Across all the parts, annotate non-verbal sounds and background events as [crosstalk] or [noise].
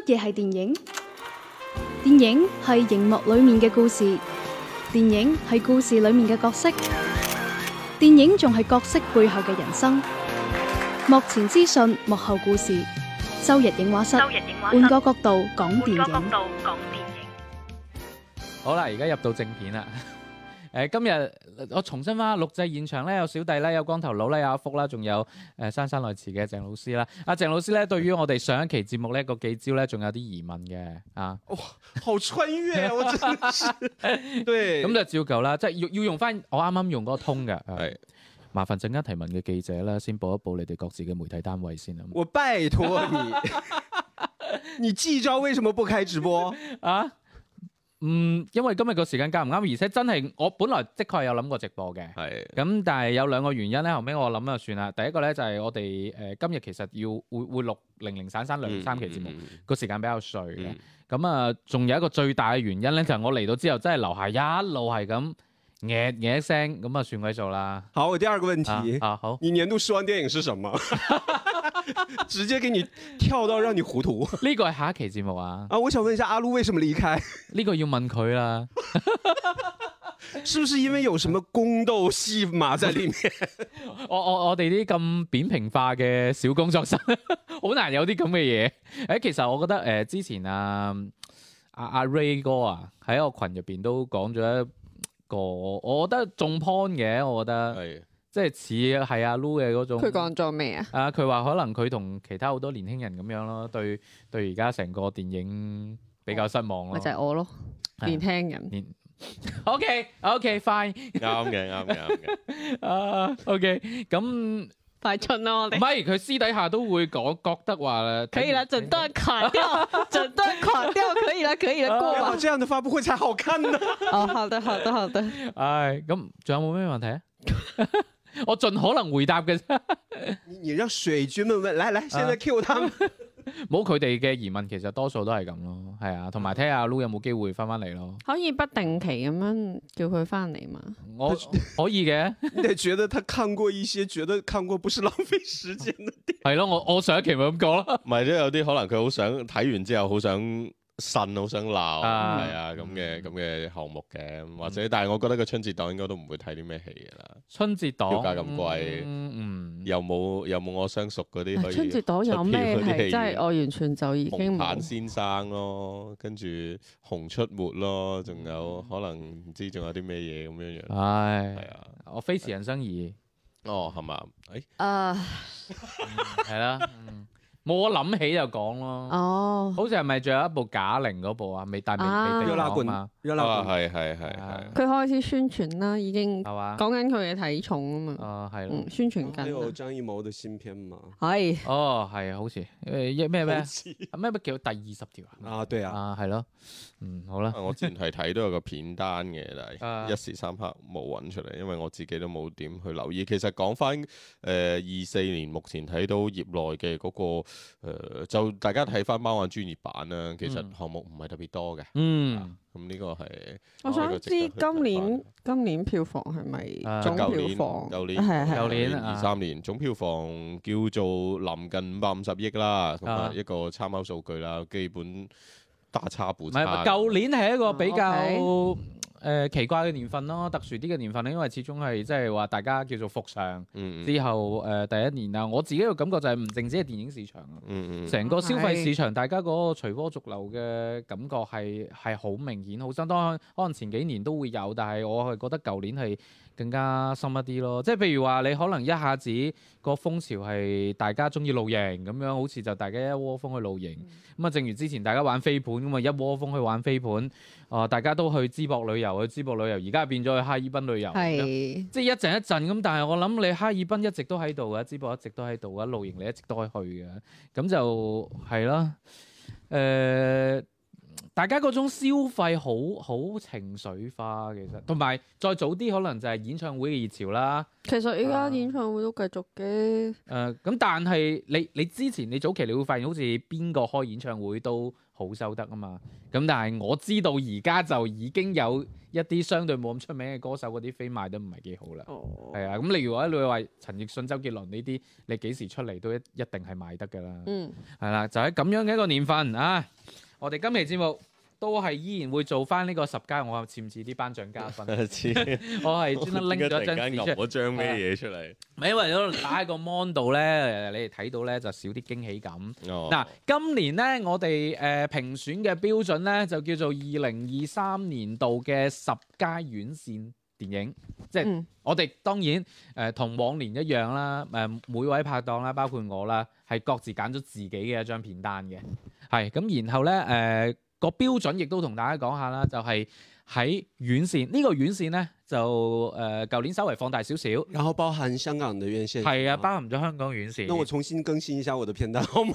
乜嘢係電影？電影係熒幕裏面嘅故事，電影係故事裏面嘅角色，電影仲係角色背後嘅人生。幕前資訊，幕後故事。周日影畫室，換個角度講電影。好啦，而家入到正片啦。誒、呃、今日、呃、我重新翻錄製現場咧，有小弟啦，有光頭佬啦，有阿福啦，仲有誒珊珊來遲嘅鄭老師啦。阿鄭老師咧，對於我哋上一期節目呢個記招咧，仲有啲疑問嘅啊。哇、哦，好穿越，啊， [laughs] 我真是。對，咁就照舊啦，即係要要用翻我啱啱用嗰個通嘅。係、啊，對麻煩陣間提問嘅記者啦，先報一報你哋各自嘅媒體單位先啊。我拜託你， [laughs] [laughs] 你，你記招為什麼不開直播 [laughs] 啊？嗯，因為今日個時間夾唔啱，而且真係我本來的確有諗過直播嘅，咁但係有兩個原因咧，後尾我諗就算啦。第一個咧就係我哋誒今日其實要會會錄零零散散兩三期節目，個時間比較碎嘅。咁啊，仲有一個最大嘅原因咧，就係我嚟到之後真係樓下一路係咁嗌嗌聲，咁啊算鬼數啦。好，我第二個問題啊，好，你年度失望電影係什麼？ [laughs] 直接給你跳到讓你糊塗，呢個係下一期節目啊！啊，我想問一下阿陸為什麼離開？呢 [laughs] 個要問佢啦， [laughs] [laughs] 是不是因為有什麼宮鬥戲碼在裏面？ [laughs] 我我我哋啲咁扁平化嘅小工作室，好 [laughs] 難有啲咁嘅嘢。誒，其實我覺得誒、呃，之前阿阿阿 Ray 哥啊，喺我群入邊都講咗一個，我覺得中 point 嘅，我覺得係。即係似係阿 Lou 嘅嗰種。佢講咗咩啊？啊，佢話可能佢同其他好多年輕人咁樣咯，對對而家成個電影比較失望咯。咪就係我咯，年輕人。OK OK fine。啱嘅啱嘅啱嘅。啊 OK，咁快進啦我哋。唔係，佢私底下都會講，覺得話咧。可以啦，診斷砍掉，診斷砍掉，可以啦，可以啦，過啦。這樣的發布會才好看呢。哦，好的，好的，好的。唉，咁仲有冇咩問題啊？我盡可能回答嘅。而家水軍們問，嚟嚟，先得 Q 他冇佢哋嘅疑問，其實多數都係咁咯，係啊。同埋聽下阿 Lu 有冇機會翻翻嚟咯？可以不定期咁樣叫佢翻嚟嘛？我可以嘅。 [laughs] 你覺得他看過一些，覺得看過不是浪費時間。係咯， [laughs] [laughs] 我我上一期咪咁講咯。唔係， [laughs] 即係有啲可能佢好想睇完之後好想呻，好想鬧，係啊咁嘅咁嘅項目嘅，或者但係我覺得個春節檔應該都唔會睇啲咩戲嘅啦。春節檔要價咁貴嗯，嗯，又冇又冇我相熟嗰啲可以，春節檔有咩即係我完全就已經冇。 [laughs] 紅毯先生咯，跟住熊出沒咯，仲有、嗯、可能唔知仲有啲咩嘢咁樣樣。係係、哎、啊，我飛馳人生二。哦，係嘛？誒啊，係啦。冇，我諗起就講咯。哦，oh, 好似係咪仲有一部賈玲嗰部啊？未帶名未定啊嘛。熱辣滾嗎。熱辣滾佢開始宣傳啦，已經係嘛？講緊佢嘅體重啊嘛。吧啊，係咯、嗯，宣傳緊。呢個張藝謀嘅新片嘛？係。哦，係啊，好似誒咩咩？咩咩叫第二十條啊？啊，對啊。啊，係咯。嗯，好啦。 [laughs] 我之前係睇到有個片單嘅，但係一時三刻冇揾出嚟，因為我自己都冇點去留意。其實講翻誒二四年，目前睇到業內嘅嗰、那個。誒、呃，就大家睇翻《貓眼專業版》啦，其實項目唔係特別多嘅，嗯嗯。嗯、咁、嗯、呢、這個係。我，個，我想知今年，今年票房係咪總票房？舊的、嗯、年係係。舊對年二三年總票房叫做臨近五百五十億啦，同埋一個參考數據啦，基本大差不差。唔係、啊，舊年係一個比較。Okay 誒、呃、奇怪嘅年份咯，特殊啲嘅年份咧，因為始終係即係話大家叫做復常。嗯嗯之後誒、呃、第一年啊，我自己嘅感覺就係唔淨止係電影市場，成、嗯嗯、個消費市場、嗯、是大家嗰個隨波逐流嘅感覺係係好明顯，好新，當可能前幾年都會有，但係我係覺得舊年係。更加深一啲咯，即係譬如話你可能一下子，個風潮係大家中意露營咁樣，好似就大家一窩蜂去露營，咁啊、嗯、正如之前大家玩飛盤咁啊，一窩蜂去玩飛盤，啊、呃、大家都去淄博旅遊，去淄博旅遊，而家變咗去哈爾濱旅遊，係是即係一陣一陣咁。但係我諗你哈爾濱一直都喺度嘅，淄博一直都喺度嘅，露營你一直都可以去嘅，咁就係咯，誒。呃大家嗰種消費好好情緒化，其實同埋再早啲可能就係演唱會嘅熱潮啦。其實依家演唱會都繼續嘅。誒、呃，咁、嗯、但係你你之前你早期你會發現好似邊個開演唱會都好收得啊嘛。咁、嗯、但係我知道而家就已經有一啲相對冇咁出名嘅歌手嗰啲飛賣得唔係幾好啦。哦。係啊，咁、嗯、例如話你話陳奕迅、周杰倫呢啲，你幾時出嚟都一一定係賣得㗎啦。嗯。係啦，就喺咁樣嘅一個年份啊，我哋今期節目。都係依然會做翻呢個十佳，我似唔似啲頒獎嘉賓？我係專登拎咗張我咩嘢出嚟？唔係因為我打個 mon 度咧，你哋睇到咧就少啲驚喜感。嗱、 [laughs] 哦啊，今年咧我哋誒、呃、評選嘅標準咧就叫做二零二三年度嘅十佳院線電影，即係、嗯、我哋當然誒同、呃、往年一樣啦。誒、呃、每位拍檔啦，包括我啦，係各自揀咗自己嘅一張片單嘅。係咁、嗯，然後咧誒。呃呃呃個標準亦都同大家講下啦，就係喺院線呢個院線咧，就誒舊、呃、年稍微放大少少，然後包含香港嘅院線，係啊，啊，包含咗香港嘅院線。那我重新更新一下我嘅片單，好嗎？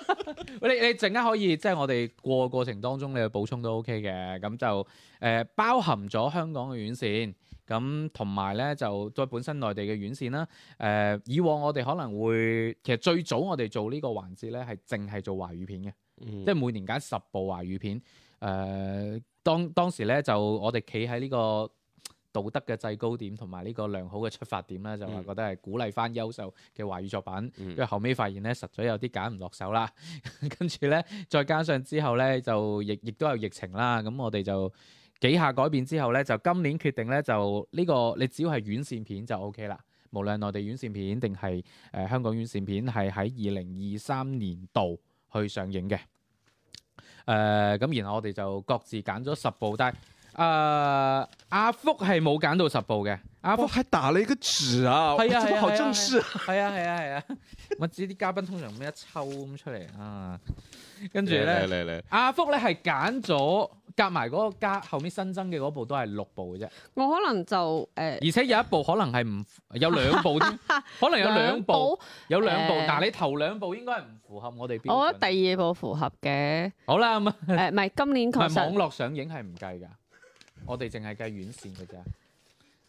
[laughs] [laughs] 你你陣間可以即係我哋過過程當中你去補充都 OK 嘅，咁就誒、呃、包含咗香港嘅院線，咁同埋咧就再本身內地嘅院線啦。誒、呃、以往我哋可能會其實最早我哋做個環節呢個環節咧係淨係做華語片嘅。嗯、即係每年揀十部華語片，誒、呃、當當時咧就我哋企喺呢個道德嘅制高點同埋呢個良好嘅出發點啦，嗯、就話覺得係鼓勵翻優秀嘅華語作品。因為、嗯、後尾發現咧實在有啲揀唔落手啦， [laughs] 跟住咧再加上之後咧就亦亦都有疫情啦，咁我哋就幾下改變之後咧就今年決定咧就呢、呢個你只要係院線片就 O K 啦，無論內地院線片定係誒香港院線片，係喺二零二三年度，去上映嘅，誒、呃、咁，然後我哋就各自揀咗十部，但係誒阿福係冇揀到十部嘅。阿福係打你一個紙啊，係 [noise] 啊，好正式，係啊係啊係啊，我知啲嘉賓通常咁一抽咁出嚟啊。跟住咧，阿福咧係揀咗夾埋嗰個加後面新增嘅嗰部都係六部嘅啫。我可能就誒，呃、而且有一部可能係唔有兩部 [laughs] 可能有兩部，有兩部。兩部呃、但係你頭兩部應該係唔符合我哋邊。我覺得第二部符合嘅。好啦咁啊，誒唔係今年確實。網絡上映係唔計㗎， [laughs] 我哋淨係計院線㗎啫。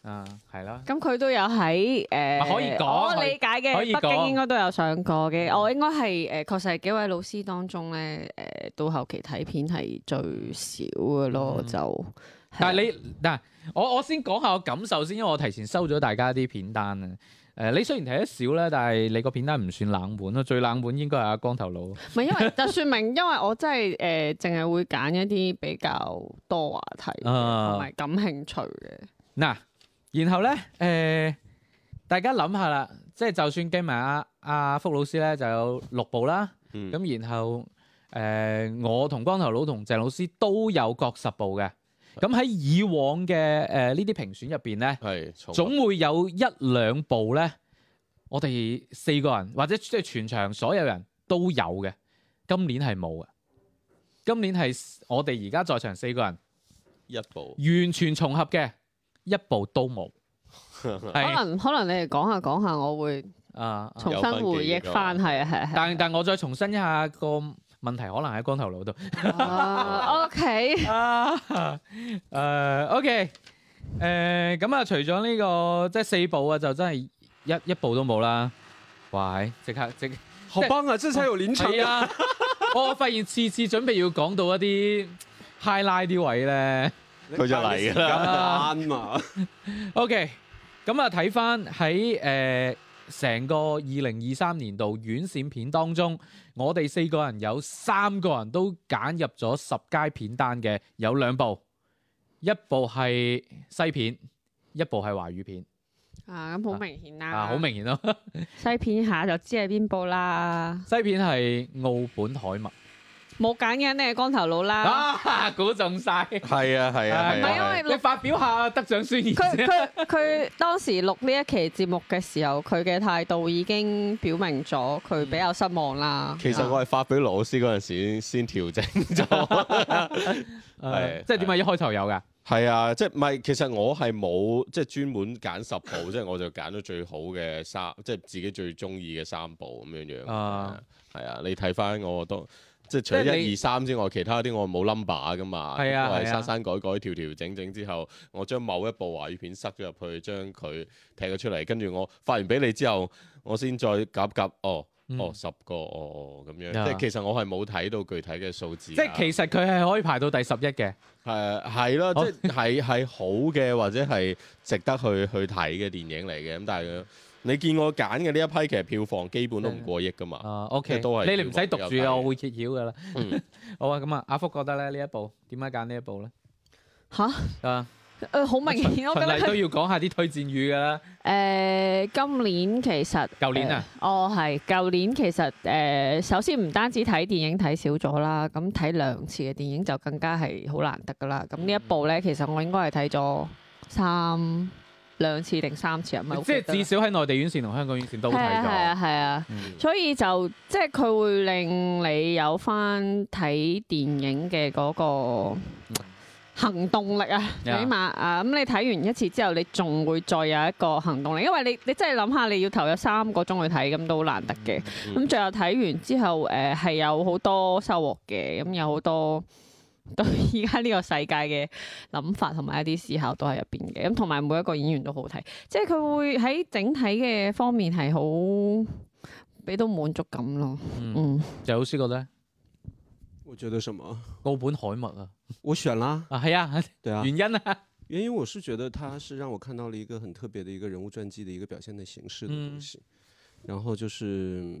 啊，係咯、嗯。咁佢都有喺誒，呃、可以講，我理解嘅，北京應該都有上過嘅。我、哦、應該係誒，確、呃、實係幾位老師當中咧，誒、呃，到後期睇片係最少嘅咯。嗯、就但係你嗱的，我先說說我先講下我感受先，因為我提前收咗大家啲片單啊。誒、呃，你雖然睇得少咧，但係你個片單唔算冷門咯。最冷門應該係阿光頭佬。唔係，因為 [laughs] 就算明，因為我真係誒，淨、呃、係會揀一啲比較多話題同埋、嗯嗯、感興趣嘅。嗱、嗯。然後咧，誒、呃，大家諗下啦，即、就、係、是、就算計埋阿阿福老師咧，就有六部啦。咁、嗯、然後，誒、呃，我同光頭佬同鄭老師都有各十部嘅。咁喺是以往嘅誒呢啲評選入邊咧，係總會有一兩部咧，我哋四個人或者即係全場所有人都有嘅，今年係冇嘅。今年係我哋而家在場四個人一部完全重合嘅。一部都冇，可能可能你哋講下講下，我會啊重新回憶翻，係啊係但但我再重申一下個問題，可能喺光頭佬度。Uh, OK。啊、uh,，OK，誒咁啊，除咗呢、這個即係、就是、四部啊，就真係一一部都冇啦。喂，即刻即何邦啊，真係有廉恥啊！我發現次次準備要講到一啲 high line 啲位咧。佢就嚟啦，啱 [noise] 嘛樂 [laughs] ？OK，咁啊睇翻喺誒成個二零二三年度院線片當中，我哋四個人有三個人都揀入咗十佳片單嘅，有兩部，一部係西片，一部係華語片。啊，咁好明顯啦，啊，好明顯咯， [laughs] 西片下就知係邊部啦。西片係《奧本海默》。冇揀緊你嘅光頭佬啦！估中晒，係啊，係啊！唔係因為你發表下得獎宣言，佢佢佢當時錄呢一期節目嘅時候，佢嘅態度已經表明咗佢比較失望啦。其實我係發表老師嗰陣時先先調整咗，係即係點解一開頭有㗎？係啊，即係唔係？其實我係冇即係專門揀十部，即係我就揀咗最好嘅三，即係自己最中意嘅三部咁樣樣。啊，係啊，你睇翻我當。即係除咗一你 二三之外，其他啲我冇 number 噶嘛，我係刪刪改改、調調整整之後，我將某一部華語片塞咗入去，將佢踢咗出嚟，跟住我發完俾你之後，我先再夾一夾，哦、嗯、哦十個哦咁樣，嗯、即係其實我係冇睇到具體嘅數字。即係其實佢係可以排到第十一嘅。誒係咯，即係係好嘅或者係值得去去睇嘅電影嚟嘅，咁但係。你見我揀嘅呢一批其實票房基本都唔過億噶嘛？啊，OK，都係你哋唔使讀住啊，okay，我會揭曉噶啦。嗯、 [laughs] 好啊，咁啊，阿福覺得咧呢一部點解揀呢一部咧？吓哈？啊？誒、呃，好明顯，我，循我覺得都要講下啲推薦語噶啦。誒、呃，今年其實舊年啊？呃、哦，係舊年其實誒、呃，首先唔單止睇電影睇少咗啦，咁睇兩次嘅電影就更加係好難得噶啦。咁呢一部咧，其實我應該係睇咗三。兩次定三次啊！即係至少喺內地院線同香港院線都睇咗。係啊係啊，所以就即係佢會令你有翻睇電影嘅嗰個行動力啊！起碼啊，咁你睇完一次之後，你仲會再有一個行動力，因為你你真係諗下，你要投入三個鐘去睇，咁都好難得嘅。咁、嗯、最後睇完之後，誒係有好多收穫嘅，咁有好多。對，依家呢個世界嘅諗法同埋一啲思考都喺入邊嘅，咁同埋每一個演員都好睇，即係佢會喺整體嘅方面係好俾到滿足感咯。嗯，謝老師覺得？我覺得什麼？奧本海默啊，我選啦。啊係啊，啊 [laughs] 對啊。 [laughs] 原因呢、啊？原因我是覺得，他是讓我看到了一個很特別的一個人物傳記嘅一個表現的形式嘅東西，嗯、然後就是。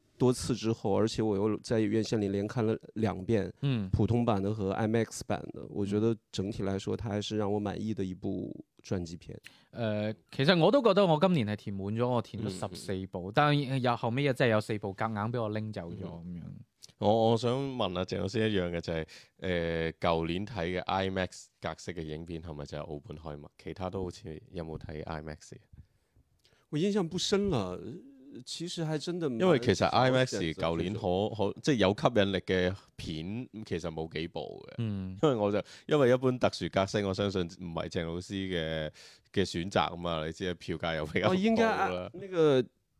多次之後，而且我又在院線裡連看了兩遍，嗯、普通版的和 IMAX 版的，我覺得整體來說，它還是讓我滿意的一部傳記片、呃。其實我都覺得我今年係填滿咗，我填咗十四部，嗯、哼當然，有後尾又真係有四部夾硬俾我拎走咗咁樣。我我想問啊，鄭老師一樣嘅就係、是、誒，舊、呃、年睇嘅 IMAX 格式嘅影片係咪就係奧本海默？其他都好似有冇睇 IMAX 我印象不深啦。其實係真的，因為其實 IMAX 舊年可可實即係有吸引力嘅片，其實冇幾部嘅。嗯、因為我就因為一般特殊格式，我相信唔係鄭老師嘅嘅選擇啊嘛，你知啊票價又比較高啦。呢、哦啊那個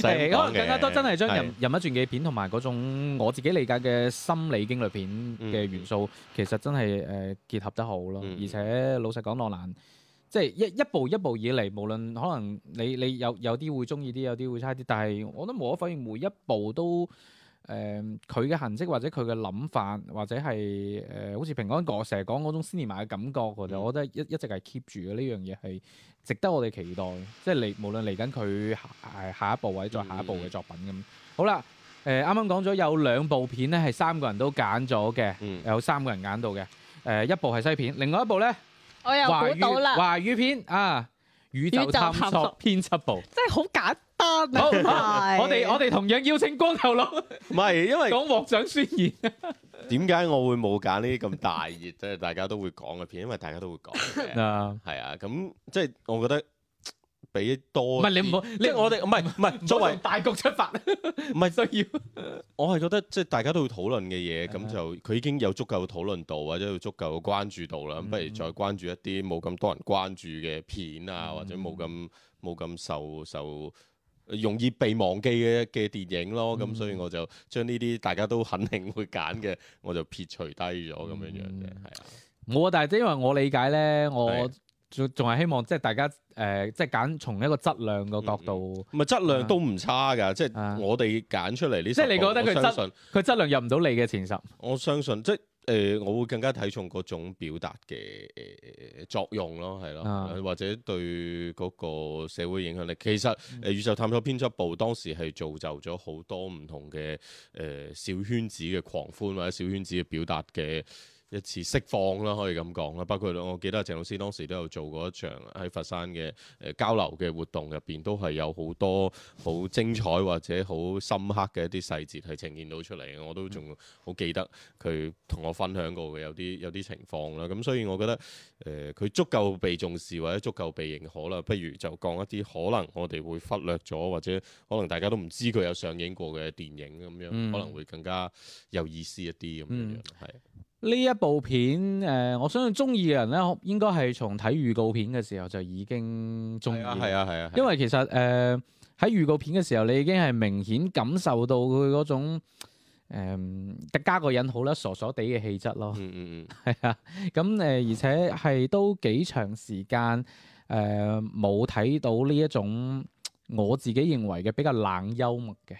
可能更加多真係將人人物傳記片同埋嗰種我自己理解嘅心理驚慄片嘅元素，嗯、其實真係誒、呃、結合得好咯。嗯、而且老實講，諾蘭即係一一步一步以嚟，無論可能你你有有啲會中意啲，有啲會,會差啲，但係我都無可否認，每一部都。誒佢嘅痕跡，或者佢嘅諗法，或者係誒、呃、好似平安我成日講嗰種 cinema 嘅感覺，嗯、我就覺得一一直係 keep 住嘅呢樣嘢係值得我哋期待。即係嚟無論嚟緊佢下一步或者再下一步嘅作品咁、嗯、好啦。誒啱啱講咗有兩部片咧，係三個人都揀咗嘅，嗯、有三個人揀到嘅。誒、呃、一部係西片，另外一部咧我又估到啦，華語華語片啊。宇宙探索編輯部，真係好簡單。 [laughs] 好，我哋我哋同樣邀請光頭佬，唔係因為講獲獎宣言，點解我會冇揀呢啲咁大熱，即係 [laughs] 大家都會講嘅片，因為大家都會講嘅，係 [laughs] 啊，咁、啊、即係我覺得。俾多唔係你唔好，你我哋唔係唔係作為大局出發，唔係需要。我係覺得即係大家都會討論嘅嘢，咁就佢已經有足夠嘅討論度，或者有足夠嘅關注度啦。咁不如再關注一啲冇咁多人關注嘅片啊，或者冇咁冇咁受受容易被忘記嘅嘅電影咯。咁所以我就將呢啲大家都肯定會揀嘅，我就撇除低咗咁樣樣嘅係啊。我但係因為我理解咧，我。仲仲係希望即係大家誒、呃，即係揀從一個質量嘅角度，唔係、嗯嗯、質量都唔差㗎，嗯、即係我哋揀出嚟呢？即係你覺得佢質，佢質量入唔到你嘅前十？我相信即係誒、呃，我會更加睇重嗰種表達嘅誒作用咯，係咯，嗯、或者對嗰個社會影響力。其實誒、呃、宇宙探索編輯部當時係造就咗好多唔同嘅誒、呃、小圈子嘅狂歡，或者小圈子嘅表達嘅。一次釋放啦，可以咁講啦。包括我記得阿鄭老師當時都有做過一場喺佛山嘅誒、呃、交流嘅活動面，入邊都係有好多好精彩或者好深刻嘅一啲細節係呈現到出嚟嘅。我都仲好記得佢同我分享過嘅有啲有啲情況啦。咁所以我覺得誒，佢、呃、足夠被重視或者足夠被認可啦。不如就講一啲可能我哋會忽略咗或者可能大家都唔知佢有上映過嘅電影咁樣，可能會更加有意思一啲咁樣係。嗯呢一部片，誒、呃，我相信中意嘅人咧，應該係從睇預告片嘅時候就已經中意啦。係啊，係啊，啊啊啊，因為其實誒喺、呃、預告片嘅時候，你已經係明顯感受到佢嗰種得、呃、加嘉個人好啦，傻傻地嘅氣質咯。嗯嗯嗯，係啊。咁誒，而且係都幾長時間誒冇睇到呢一種我自己認為嘅比較冷幽默嘅。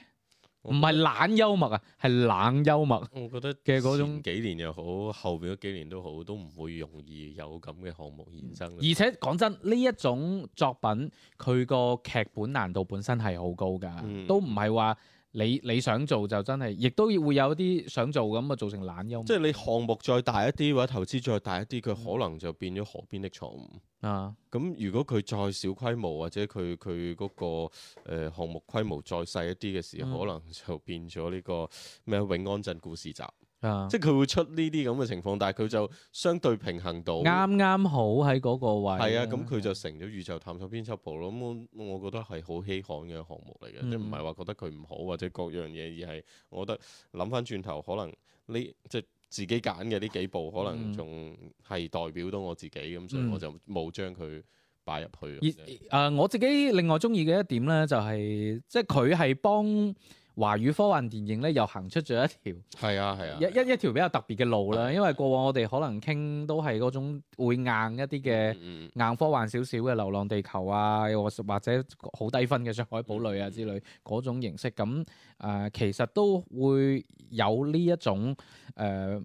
唔係懶幽默啊，係冷幽默。我覺得嘅嗰種前幾年又好，後邊嗰幾年都好，都唔會容易有咁嘅項目現身。而且講真，呢一種作品，佢個劇本難度本身係好高㗎，嗯、都唔係話。你你想做就真係亦都會有啲想做咁啊，做成懶音。即係你項目再大一啲或者投資再大一啲，佢可能就變咗河邊的錯誤啊。咁如果佢再小規模或者佢佢嗰個，誒、呃、項目規模再細一啲嘅時候，嗯、可能就變咗呢、這個咩永安鎮故事集。啊、即係佢會出呢啲咁嘅情況，但係佢就相對平衡到，啱啱好喺嗰個位。係啊，咁佢、嗯、就成咗宇宙探索編輯部咯。咁我，我覺得係好稀罕嘅項目嚟嘅，嗯、即唔係話覺得佢唔好或者各樣嘢，而係我覺得諗翻轉頭，可能呢即係自己揀嘅呢幾部，可能仲係代表到我自己咁，嗯、所以我就冇將佢擺入去。嗯、而誒、呃，我自己另外中意嘅一點呢、就係，就係即係佢係幫華語科幻電影咧又行出咗一條，係啊係啊，啊一一一條比較特別嘅路啦。啊、因為過往我哋可能傾都係嗰種會硬一啲嘅硬科幻少少嘅《流浪地球》啊，或或者好低分嘅《上海堡壘》啊之類嗰、嗯、種形式，咁誒、呃、其實都會有呢一種誒、呃、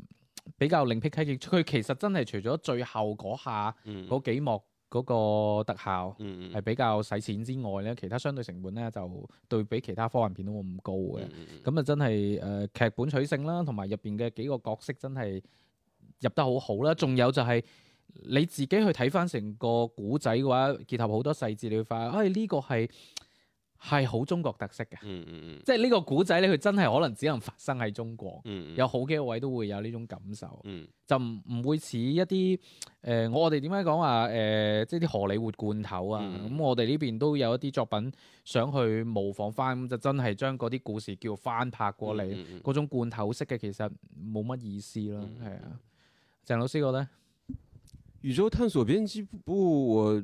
比較另辟蹊徑。佢其實真係除咗最後嗰下嗰、嗯、幾幕。嗰個特效係比較使錢之外咧，其他相對成本咧就對比其他科幻片都冇咁高嘅。咁啊， [noise] 真係誒、呃、劇本取勝啦，同埋入邊嘅幾個角色真係入得好好啦。仲有就係你自己去睇翻成個古仔嘅話，結合好多細節你會發現，哎呢、呢個係，係好中國特色嘅，嗯嗯、即係呢個古仔咧，佢真係可能只能發生喺中國，嗯、有好幾位都會有呢種感受，嗯、就唔唔會似一啲誒、呃，我哋點解講話誒，即係啲荷里活罐頭啊，咁、嗯嗯、我哋呢邊都有一啲作品想去模仿翻，咁就真係將嗰啲故事叫翻拍過嚟，嗰、嗯嗯、種罐頭式嘅其實冇乜意思咯，係啊、嗯，鄭老師覺得？宇宙探索編輯部我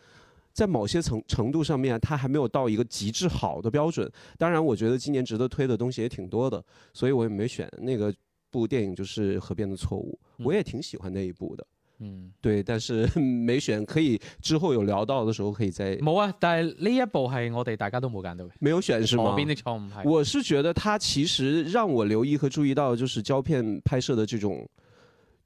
在某些程度上面，它還沒有到一個極致好的標準。當然，我覺得今年值得推的東西也挺多的，所以我也沒選那個部電影，就是《河邊的錯誤》。我也挺喜歡那一部的，嗯，對，但是沒選，可以之後有聊到的時候可以再。冇、嗯、啊，但係呢一部是我哋大家都冇揀到沒有選是嗎？河邊的錯誤。我是覺得它其實讓我留意和注意到，就是膠片拍攝的這種。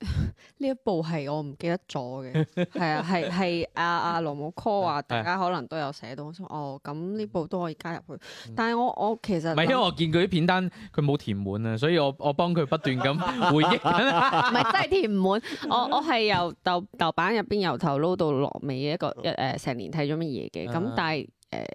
呢一部係我唔記得咗嘅，係 [laughs] 啊，係係阿阿羅姆 call 話，大家可能都有寫到，我 [laughs] 哦咁呢部都可以加入去，但係我我其實唔係，因為我見佢啲片單佢冇填滿啊，所以我我幫佢不斷咁回憶，唔係真係填唔滿，我我係由豆豆瓣入邊由頭撈到落尾嘅一個誒成、呃、年睇咗乜嘢嘅，咁 [laughs] 但係誒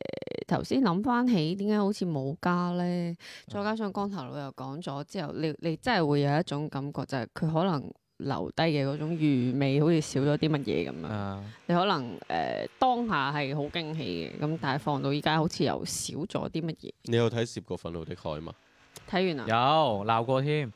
頭先諗翻起點解好似冇加咧？再加上光頭佬又講咗之後你，你你真係會有一種感覺就係、是、佢可能。留低嘅嗰種餘味，好似少咗啲乜嘢咁樣。Yeah. 你可能誒、呃、當下係好驚喜嘅，咁但係放到依家好似又少咗啲乜嘢。你有睇《涉過憤怒的海》嘛？睇完啦。有鬧過添。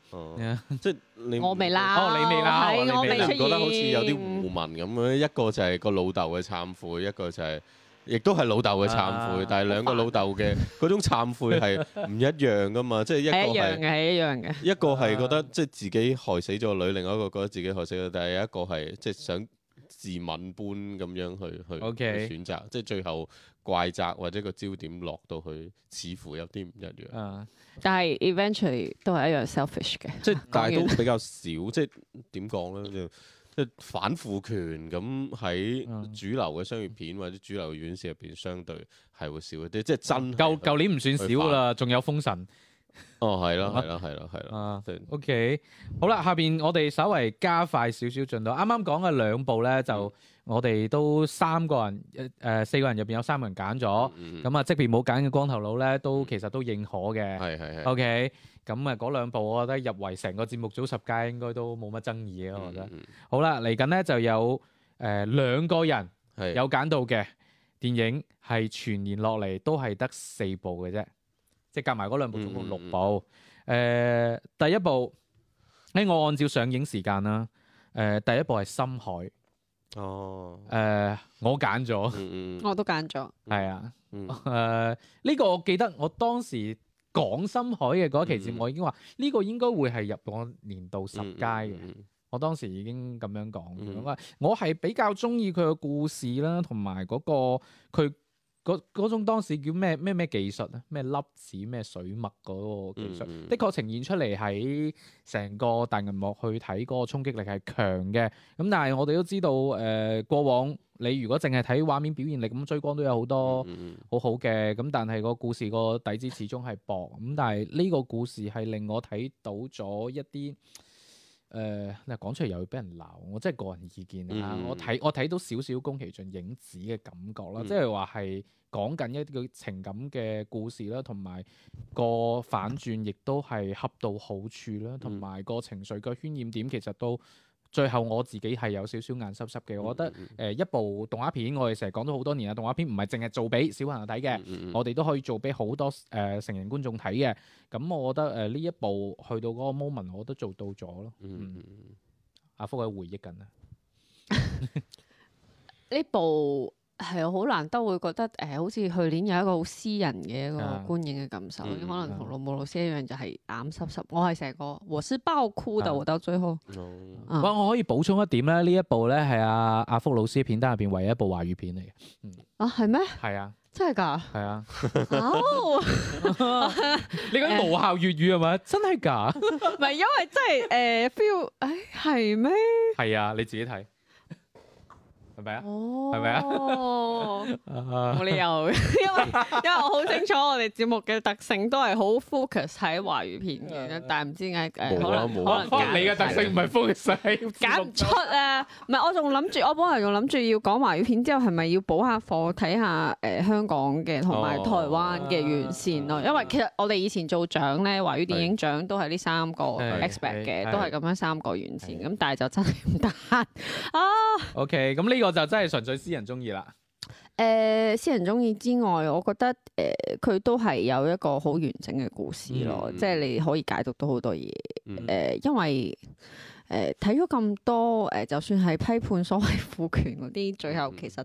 即係你。我未鬧。你未鬧。我未覺得好似有啲互文咁樣，一個就係個老豆嘅懺悔，一個就係、是。亦都係老豆嘅懺悔，啊、但係兩個老豆嘅嗰種懺悔係唔一樣噶嘛，即係 [laughs] 一個係嘅，係一樣嘅。一樣，一個係覺得即係、就是、自己害死咗個女，另外一個覺得自己害死咗，但係有一個係即係想自刎般咁樣去去選擇，即係 Okay. 最後怪責或者個焦點落到去，似乎有啲唔一樣。啊、但係 eventually 都係一樣 selfish 嘅。即係但係都比較少，即係點講呢？ [laughs] 即反腐權咁喺主流嘅商業片或者主流院線入邊，相對係會少一啲，即、就、係、是、真。舊舊年唔算少啦，仲有封神。哦，係啦，係啦、啊，係啦，係啦。O K，好啦，下邊我哋稍微加快少少進度。啱啱講嘅兩部咧，就我哋都三個人，誒、呃、四個人入邊有三個人揀咗。咁啊、嗯，嗯、即便冇揀嘅光頭佬咧，都其實都認可嘅。係係係。O、嗯、K。咁啊，嗰兩部我覺得入圍成個節目組十佳應該都冇乜爭議嘅，我覺得。嗯嗯，好啦，嚟緊咧就有誒、呃、兩個人有揀到嘅電影，係是全年落嚟都係得四部嘅啫，即係夾埋嗰兩部總共六部。誒、嗯嗯、呃、第一部，誒我按照上映時間啦，誒、呃、第一部係深海。哦。誒我揀咗。我都揀咗。係啊。嗯。呢、嗯 [laughs] 呃呢個我記得我當時。講深海嘅嗰期節，mm hmm. 我已經話呢、呢個應該會係入我年度十佳嘅，mm hmm. 我當時已經咁樣講。咁啊、mm，hmm. 我係比較鍾意佢嘅故事啦，同埋嗰個佢。嗰嗰種當時叫咩咩咩技術咧？咩粒子咩水墨嗰個技術，嗯嗯、的確呈現出嚟喺成個大銀幕去睇嗰個衝擊力係強嘅。咁但係我哋都知道，誒、呃、過往你如果淨係睇畫面表現力咁追光都有很多很好多好好嘅。咁但係個故事個底子始終係薄。咁、嗯、但係呢個故事係令我睇到咗一啲。誒、呃，你講出嚟又要俾人鬧，我真係個人意見啊、嗯！我睇我睇到少少宮崎駿影子嘅感覺啦，即係話係講緊一個情感嘅故事啦，同埋個反轉亦都係恰到好處啦，同埋、嗯、個情緒個渲染點其實都。最後我自己係有少少眼濕濕嘅，我覺得誒、嗯嗯呃、一部動畫片，我哋成日講咗好多年啦，動畫片唔係淨係做俾小朋友睇嘅，嗯嗯嗯我哋都可以做俾好多誒、呃、成人觀眾睇嘅。咁、嗯、我覺得誒呢、呃、一部去到嗰個 moment，我都做到咗咯、嗯嗯嗯。阿福喺回憶緊啊，呢 [laughs] [laughs] 部。係啊，好難得會覺得誒、呃，好似去年有一個好私人嘅一個觀影嘅感受，嗯、可能同老母老師一樣，就係眼濕濕。我係成個和是包箍，的，我到最後。喂，我可以補充一點咧，呢一部咧係阿阿福老師片單入邊唯一一部華語片嚟嘅。啊，係咩？係啊，真係噶？係啊。 [laughs] [laughs] 你講無效粵語係咪？真係噶？唔係、欸、因為真係誒 feel，誒係咩？係、呃哎、啊，你自己睇。係咪啊？哦，係咪啊？冇理由，因為因為我好清楚我哋節目嘅特性都係好 focus 喺華語片嘅，但係唔知點解可能你嘅特性唔係 focus。揀唔出啊！唔係我仲諗住，我本嚟仲諗住要講華語片之後，係咪要補下課睇下誒香港嘅同埋台灣嘅完善咯？因為其實我哋以前做獎咧，華語電影獎都係呢三個 expect 嘅，都係咁樣三個完善咁，但係就真係唔得啊！OK，咁呢個。我就真係純粹私人中意啦。誒，私人中意之外，我覺得誒佢、呃、都係有一個好完整嘅故事咯。嗯嗯、即係你可以解讀到好多嘢。誒、嗯呃，因為誒睇咗咁多誒、呃，就算係批判所謂父權嗰啲，最後其實。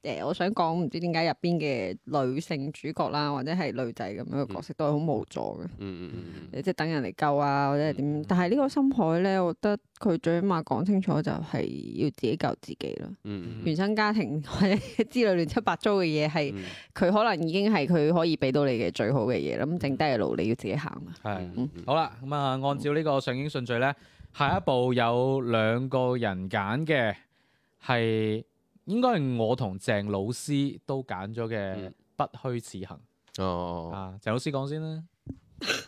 誒，我想講，唔知點解入邊嘅女性主角啦，嗯嗯嗯啊，或者係女仔咁樣嘅角色都係好無助嘅，嗯嗯嗯，即係等人嚟救啊，或者係點，但係呢個深海咧，我覺得佢最起碼講清楚就係要自己救自己啦，嗯嗯，原生家庭或者之類亂七八糟嘅嘢係佢可能已經係佢可以俾到你嘅最好嘅嘢，咁剩低嘅路你要自己行啦，係，好啦，咁啊，按照呢個上映順序咧，下一部有兩個人揀嘅係。應該係我同鄭老師都揀咗嘅不虛此行。哦、嗯啊，鄭老師講先啦。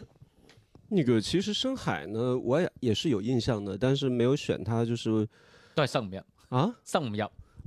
[laughs] 那個其實深海呢，我也是有印象的，但是沒有選他，就是都生不入啊，生不入。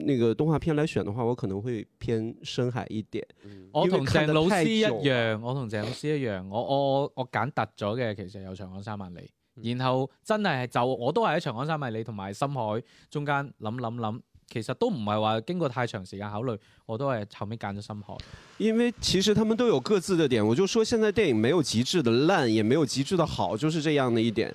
那個動畫片來選的話，我可能會偏深海一點。我同鄭老師一樣，我同鄭老師一樣，我我我揀突咗嘅，其實有《長安三萬里》，然後真係就我都係喺《長安三萬里》同埋深海中間諗諗諗，其實都唔係話經過太長時間考慮，我都係後面揀咗深海。因為其實他們都有各自嘅點，我就說現在電影沒有極致的爛，也沒有極致的好，就是這樣的一點。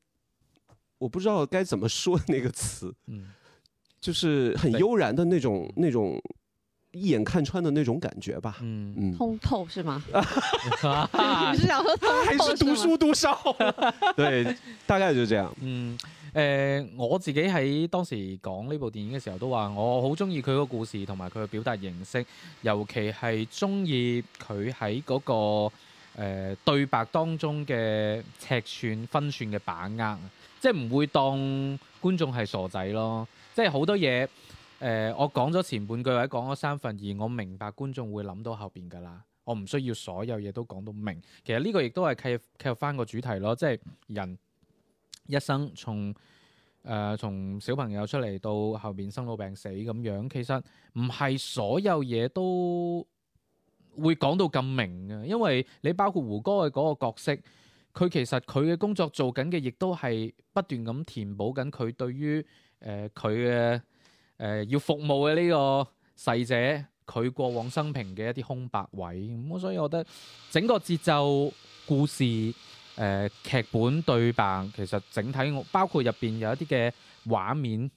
我不知道該怎麼說那個詞，嗯，就是很悠然的那種、對那種一眼看穿的那種感覺吧，嗯嗯，通透是嗎？ [laughs] [laughs] 你是想說通透 [laughs] 還是讀書讀少？ [laughs] [laughs] 對，大概就是這樣。嗯，誒、呃，我自己喺當時講呢部電影嘅時候都話，我好中意佢個故事同埋佢嘅表達形式，尤其係中意佢喺嗰個誒、呃、對白當中嘅尺寸分寸嘅把握。即係唔會當觀眾係傻仔咯，即係好多嘢誒、呃，我講咗前半句或者講咗三分二，而我明白觀眾會諗到後邊噶啦，我唔需要所有嘢都講到明。其實呢個亦都係契合契合翻個主題咯，即係人一生從誒從小朋友出嚟到後邊生老病死咁樣，其實唔係所有嘢都會講到咁明嘅，因為你包括胡歌嘅嗰個角色。佢其實佢嘅工作做緊嘅，亦都係不斷咁填補緊佢對於誒佢嘅誒要服務嘅呢個逝者佢過往生平嘅一啲空白位。咁所以我覺得整個節奏、故事、誒、呃、劇本對白，其實整體我包括入邊有一啲嘅畫面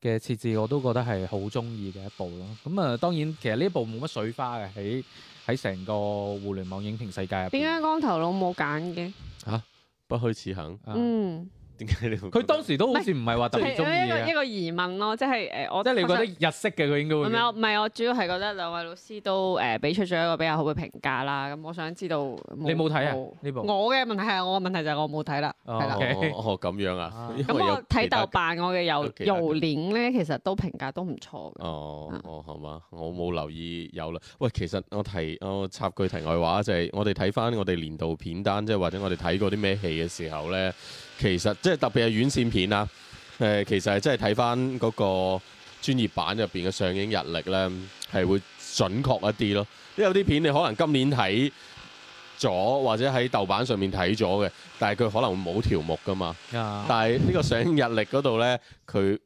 嘅設置，我都覺得係好鍾意嘅一部咯。咁、嗯、啊、呃，當然其實呢部冇乜水花嘅喺。喺成個互聯網影評世界入邊，點解光頭佬冇揀嘅？吓、啊，不虛此行。啊、嗯。點解佢當時都好似唔係話特別中意，一個一個疑問咯，即係誒，我即係你覺得日式嘅，佢應該會唔係我主要係覺得兩位老師都誒俾出咗一個比較好嘅評價啦。咁我想知道你冇睇啊？呢部我嘅問題係我嘅問題就係我冇睇啦。哦哦，咁樣啊？咁我睇豆瓣我嘅友友鄰咧，其實都評價都唔錯嘅。哦哦，係嘛？我冇留意有啦。喂，其實我提我插句題外話，就係我哋睇翻我哋年度片單，即係或者我哋睇過啲咩戲嘅時候咧。其實即係特別係院線片啊，誒，其實係即係睇翻嗰個專業版入邊嘅上映日曆咧，係會準確一啲咯。因為有啲片你可能今年睇咗，或者喺豆瓣上面睇咗嘅，但係佢可能會冇條目㗎嘛。但係呢個上映日曆嗰度咧，佢。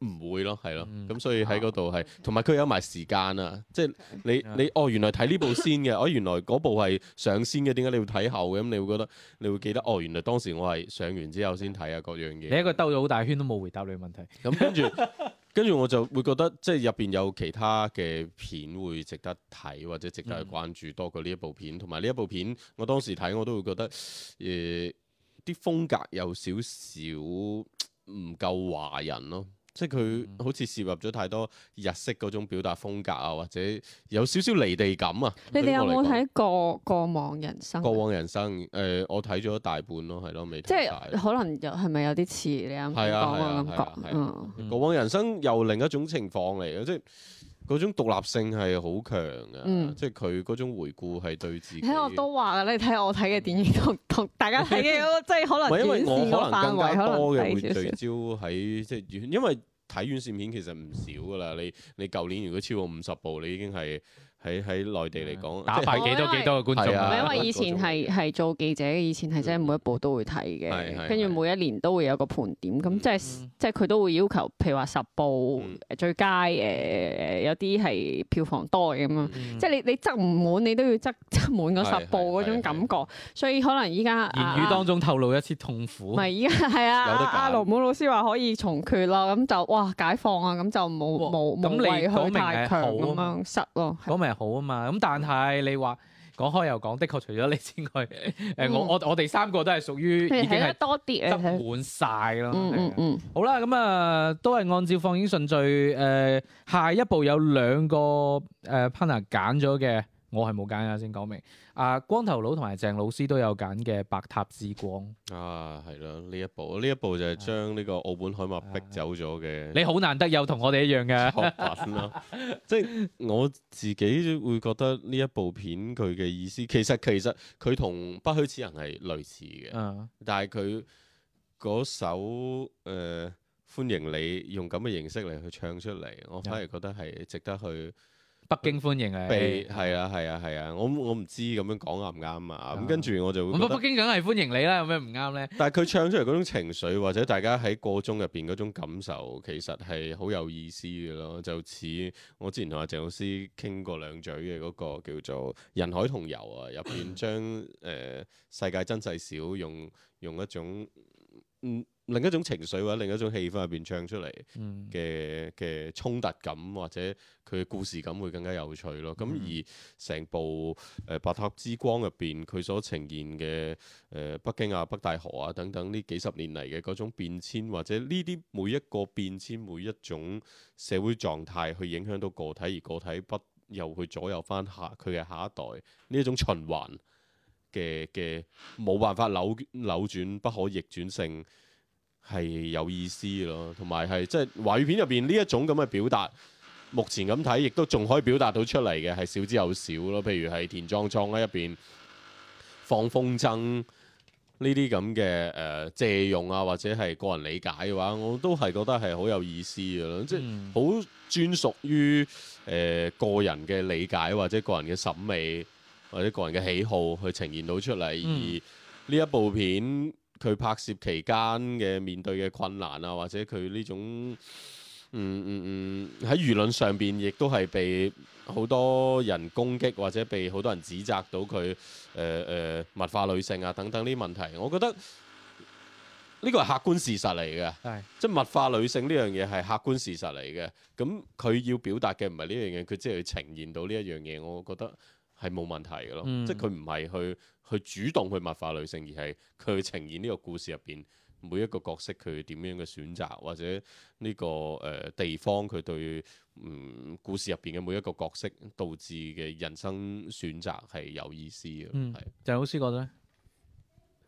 唔會咯，係咯，咁、嗯嗯、所以喺嗰度係同埋佢有埋時間啊，即係你你，你哦原來睇呢部先嘅，哦原來嗰部係上先嘅，點解你要睇後嘅？咁、嗯、你會覺得你會記得哦，原來當時我係上完之後先睇啊各樣嘢。你一個兜咗好大圈都冇回答你問題，咁、嗯、跟住跟住我就會覺得即係入邊有其他嘅片會值得睇或者值得關注多過呢一部片，同埋呢一部片我當時睇我都會覺得誒啲、呃、風格有少少唔夠華人咯。即係佢好似涉入咗太多日式嗰種表達風格啊，或者有少少離地感啊。你哋有冇睇過《過往人生》？《過往人生》誒、呃，我睇咗一大半咯，係咯，未即係可能係咪有啲似你啱啱講嘅感覺？嗯、《過往人生》又另一種情況嚟嘅，即係。嗰種獨立性係好強嘅，嗯、即係佢嗰種回顧係對自己。睇我都話啦，你睇我睇嘅電影同同大家睇嘅。 [laughs] 即係可能視嘅範圍可能少少，唔係因為我可能更加多嘅會聚焦喺即係因為睇院線片其實唔少㗎啦。你你舊年如果超過五十部，你已經係。喺喺內地嚟講，打敗幾多幾多嘅觀眾啊！唔係因為以前係係做記者，以前係真係每一部都會睇嘅，跟住每一年都會有個盤點，咁即係即係佢都會要求，譬如話十部最佳誒有啲係票房多嘅嘛，即係你你執唔滿，你都要執執滿嗰十部嗰種感覺，所以可能依家言語當中透露一次痛苦。咪依家係啊！阿盧武老師話可以重缺咯，咁就哇解放啊，咁就冇冇冇胃口太強咁樣失咯。好啊嘛，咁但係你話講開又講，的確除咗你之外，誒、嗯、我我我哋三個都係屬於已經係多啲，塞滿晒咯。嗯嗯，是嗯好啦，咁、嗯、啊都係按照放映順序，誒、呃、下一部有兩個誒 partner 揀咗嘅。我係冇揀啊！先講明啊、呃，光頭佬同埋鄭老師都有揀嘅《白塔之光》啊，係咯呢一部呢一部就係將呢個奧本海默逼走咗嘅、啊啊。你好難得有同我哋一樣嘅作品咯、啊， [laughs] 即係我自己會覺得呢一部片佢嘅意思其實其實佢同《不虛此行》係類似嘅，啊、但係佢嗰首誒、呃、歡迎你用咁嘅形式嚟去唱出嚟，我反而覺得係值得去。嗯北京歡迎係，係啊係啊係啊，我我唔知咁樣講啱唔啱啊。咁跟住我就覺得、啊、北京梗係歡迎你啦，有咩唔啱呢？但係佢唱出嚟嗰種情緒，或者大家喺歌中入邊嗰種感受，其實係好有意思嘅咯。就似我之前同阿鄭老師傾過兩嘴嘅嗰個叫做《人海同遊》啊，入邊將誒世界真細小用，用用一種嗯。另一種情緒或者另一種氣氛入邊唱出嚟嘅嘅衝突感，或者佢嘅故事感會更加有趣咯。咁、嗯、而成部誒《白塔之光》入邊，佢所呈現嘅誒、呃、北京啊、北大河啊等等呢幾十年嚟嘅嗰種變遷，或者呢啲每一個變遷、每一種社會狀態，去影響到個體，而個體不又去左右翻下佢嘅下一代呢一種循環嘅嘅冇辦法扭扭轉，不可逆轉性。係有意思咯，同埋係即係華語片入邊呢一種咁嘅表達，目前咁睇亦都仲可以表達到出嚟嘅，係少之又少咯。譬如係田莊莊喺入邊放風箏呢啲咁嘅誒借用啊，或者係個人理解嘅話，我都係覺得係好有意思嘅咯，即係好專屬於誒、呃、個人嘅理解或者個人嘅審美或者個人嘅喜好去呈現到出嚟，嗯、而呢一部片。佢拍攝期間嘅面對嘅困難啊，或者佢呢種嗯嗯嗯喺輿論上邊，亦都係被好多人攻擊，或者被好多人指責到佢誒誒物化女性啊等等呢啲問題。我覺得呢個係客觀事實嚟嘅，係是的 即係物化女性呢樣嘢係客觀事實嚟嘅。咁佢要表達嘅唔係呢樣嘢，佢即係呈現到呢一樣嘢。我覺得，係冇問題嘅咯，嗯、即係佢唔係去去主動去物化女性，而係佢呈現呢個故事入邊每一個角色佢點樣嘅選擇，或者呢、呢個誒、呃、地方佢對嗯故事入邊嘅每一個角色導致嘅人生選擇係有意思嘅，係鄭老師覺得咧。是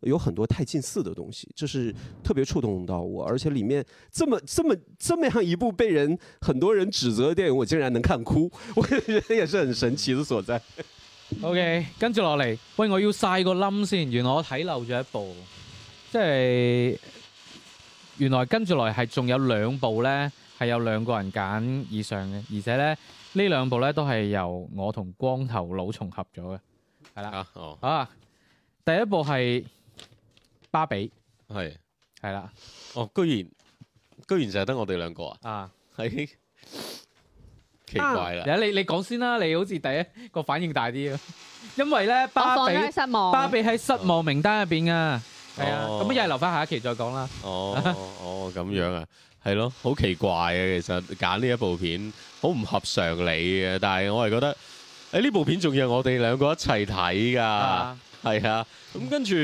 有很多太近似的東西，就是特別觸動到我，而且裏面這麼這麼這麼樣一部被人很多人指責的電影，我竟然能看哭，我覺得也是很神奇的所在。OK，跟住落嚟，喂，我要晒個冧先，原來我睇漏咗一部，即係原來跟住來係仲有兩部咧，係有兩個人揀以上嘅，而且咧呢兩部咧都係由我同光頭佬重合咗嘅，係啦，啊、哦，好，第一部係。巴比係係啦，哦，居然居然就係得我哋兩個啊啊，係奇怪啦。你你講先啦，你好似第一個反應大啲啊，因為咧巴比失望，巴比喺失望名單入邊噶，係啊，咁啊，一係留翻下一期再講啦。哦哦，咁樣啊，係咯，好奇怪啊，其實揀呢一部片好唔合常理嘅，但係我係覺得誒呢部片仲要係我哋兩個一齊睇噶，係啊，咁跟住。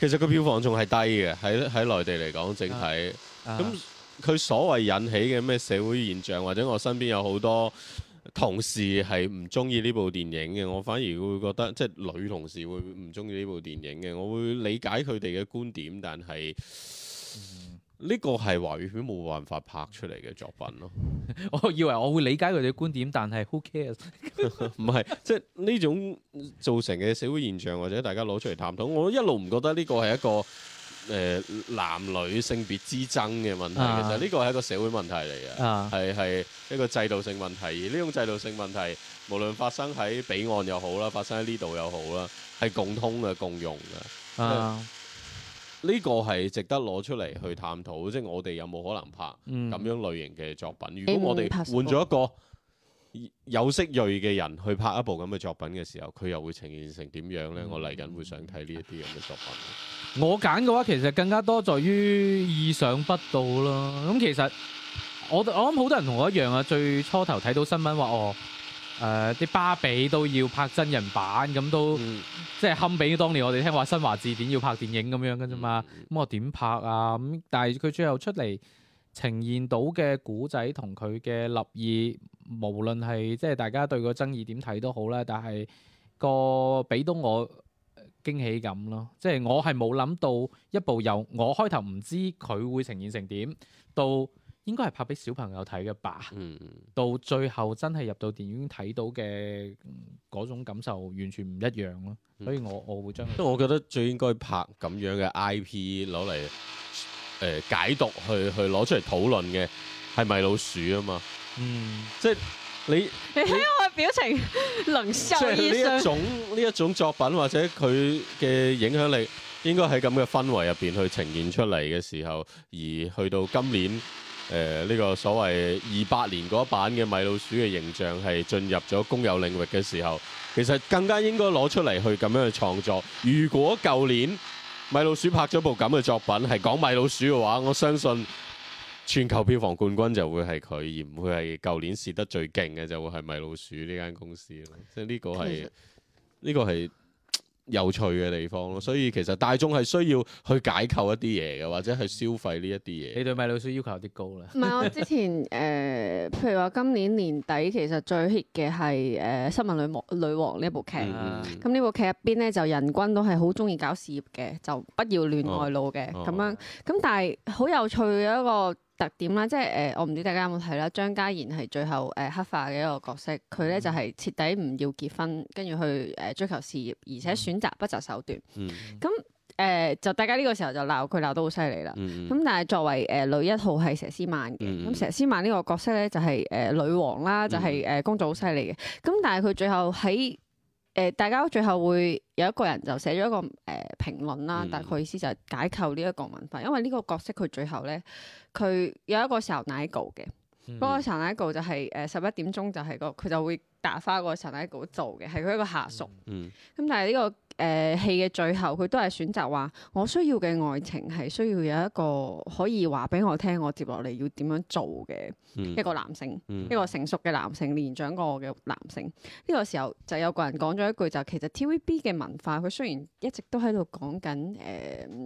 其實個票房仲係低嘅，喺喺內地嚟講整體。咁佢所謂引起嘅咩社會現象，或者我身邊有好多同事係唔中意呢部電影嘅，我反而會覺得即係女同事會唔中意呢部電影嘅，我會理解佢哋嘅觀點，但係，嗯呢個係華語片冇辦法拍出嚟嘅作品咯。 [laughs] 我以為我會理解佢哋嘅觀點，但係 who cares？唔 [laughs] 係， [laughs] 即係呢種造成嘅社會現象，或者大家攞出嚟探討，我一路唔覺得呢個係一個誒、呃、男女性別之爭嘅問題。啊、其實呢個係一個社會問題嚟嘅，係係、啊、一個制度性問題。而呢種制度性問題，無論發生喺彼岸又好啦，發生喺呢度又好啦，係共通嘅、共用嘅。啊啊呢個係值得攞出嚟去探討，即係我哋有冇可能拍咁樣類型嘅作品？嗯、如果我哋換咗一個有識睿嘅人去拍一部咁嘅作品嘅時候，佢又會呈現成點樣呢？嗯、我嚟緊會想睇呢一啲咁嘅作品。我揀嘅話，其實更加多在於意想不到咯。咁其實我我諗好多人同我一樣啊，最初頭睇到新聞話哦。誒啲芭比都要拍真人版，咁都即係堪比當年我哋聽話《新華字典》要拍電影咁樣嘅啫嘛。咁我點拍啊？咁但係佢最後出嚟呈現到嘅故仔同佢嘅立意，無論係即係大家對個爭議點睇都好啦。但係個俾到我驚喜感咯，即係我係冇諗到一部由我開頭唔知佢會呈現成點到。應該係拍俾小朋友睇嘅吧。嗯、到最後真係入到電影院睇到嘅嗰種感受，完全唔一樣咯。嗯、所以我我會將佢。因為我覺得最應該拍咁樣嘅 I.P. 攞嚟誒解讀，去去攞出嚟討論嘅係米老鼠啊嘛，嗯，即係你睇我嘅表情咦能笑醫生呢一種呢一種作品，或者佢嘅影響力，應該喺咁嘅氛圍入邊去呈現出嚟嘅時候，而去到今年。誒呢、呃這個所謂二八年嗰版嘅米老鼠嘅形象係進入咗公有領域嘅時候，其實更加應該攞出嚟去咁樣去創作。如果舊年米老鼠拍咗部咁嘅作品係講米老鼠嘅話，我相信全球票房冠軍就會係佢，而唔會係舊年蝕得最勁嘅就會係米老鼠呢間公司。即係呢個係呢、這個係。有趣嘅地方咯，所以其實大眾係需要去解構一啲嘢嘅，或者去消費呢一啲嘢。你對米老師要求有啲高啦。唔係，我之前誒、呃，譬如話今年年底其實最 hit 嘅係誒《新聞女王》女王呢部劇。咁呢、嗯、部劇入邊咧，就人均都係好中意搞事業嘅，就不要戀愛腦嘅咁、哦、樣。咁但係好有趣嘅一個。特點啦，即係誒，我唔知大家有冇睇啦。張嘉賢係最後誒黑化嘅一個角色，佢咧就係徹底唔要結婚，跟住去誒追求事業，而且選擇不擇手段。咁誒、嗯呃、就大家呢個時候就鬧佢鬧得好犀利啦。咁、嗯、但係作為誒女一號係佘詩曼嘅，咁佘詩曼呢個角色咧就係誒女王啦，就係、是、誒工作好犀利嘅。咁、嗯、但係佢最後喺誒、呃，大家最後會有一個人就寫咗一個誒、呃、評論啦，大概、嗯、意思就係解構呢一個文化，因為呢個角色佢最後咧，佢有一個守奶狗嘅，嗯、個 go、就係呃、時守奶狗就係誒十一點鐘就係個，佢就會。打花嗰陣喺度做嘅，係佢一個下屬。咁、嗯、但係呢、呢個誒、呃、戲嘅最後，佢都係選擇話：我需要嘅愛情係需要有一個可以話俾我聽，我接落嚟要點樣做嘅一個男性，嗯、一個成熟嘅男性，年長過我嘅男性。呢、呢個時候就有個人講咗一句、就是，就其實 TVB 嘅文化，佢雖然一直都喺度講緊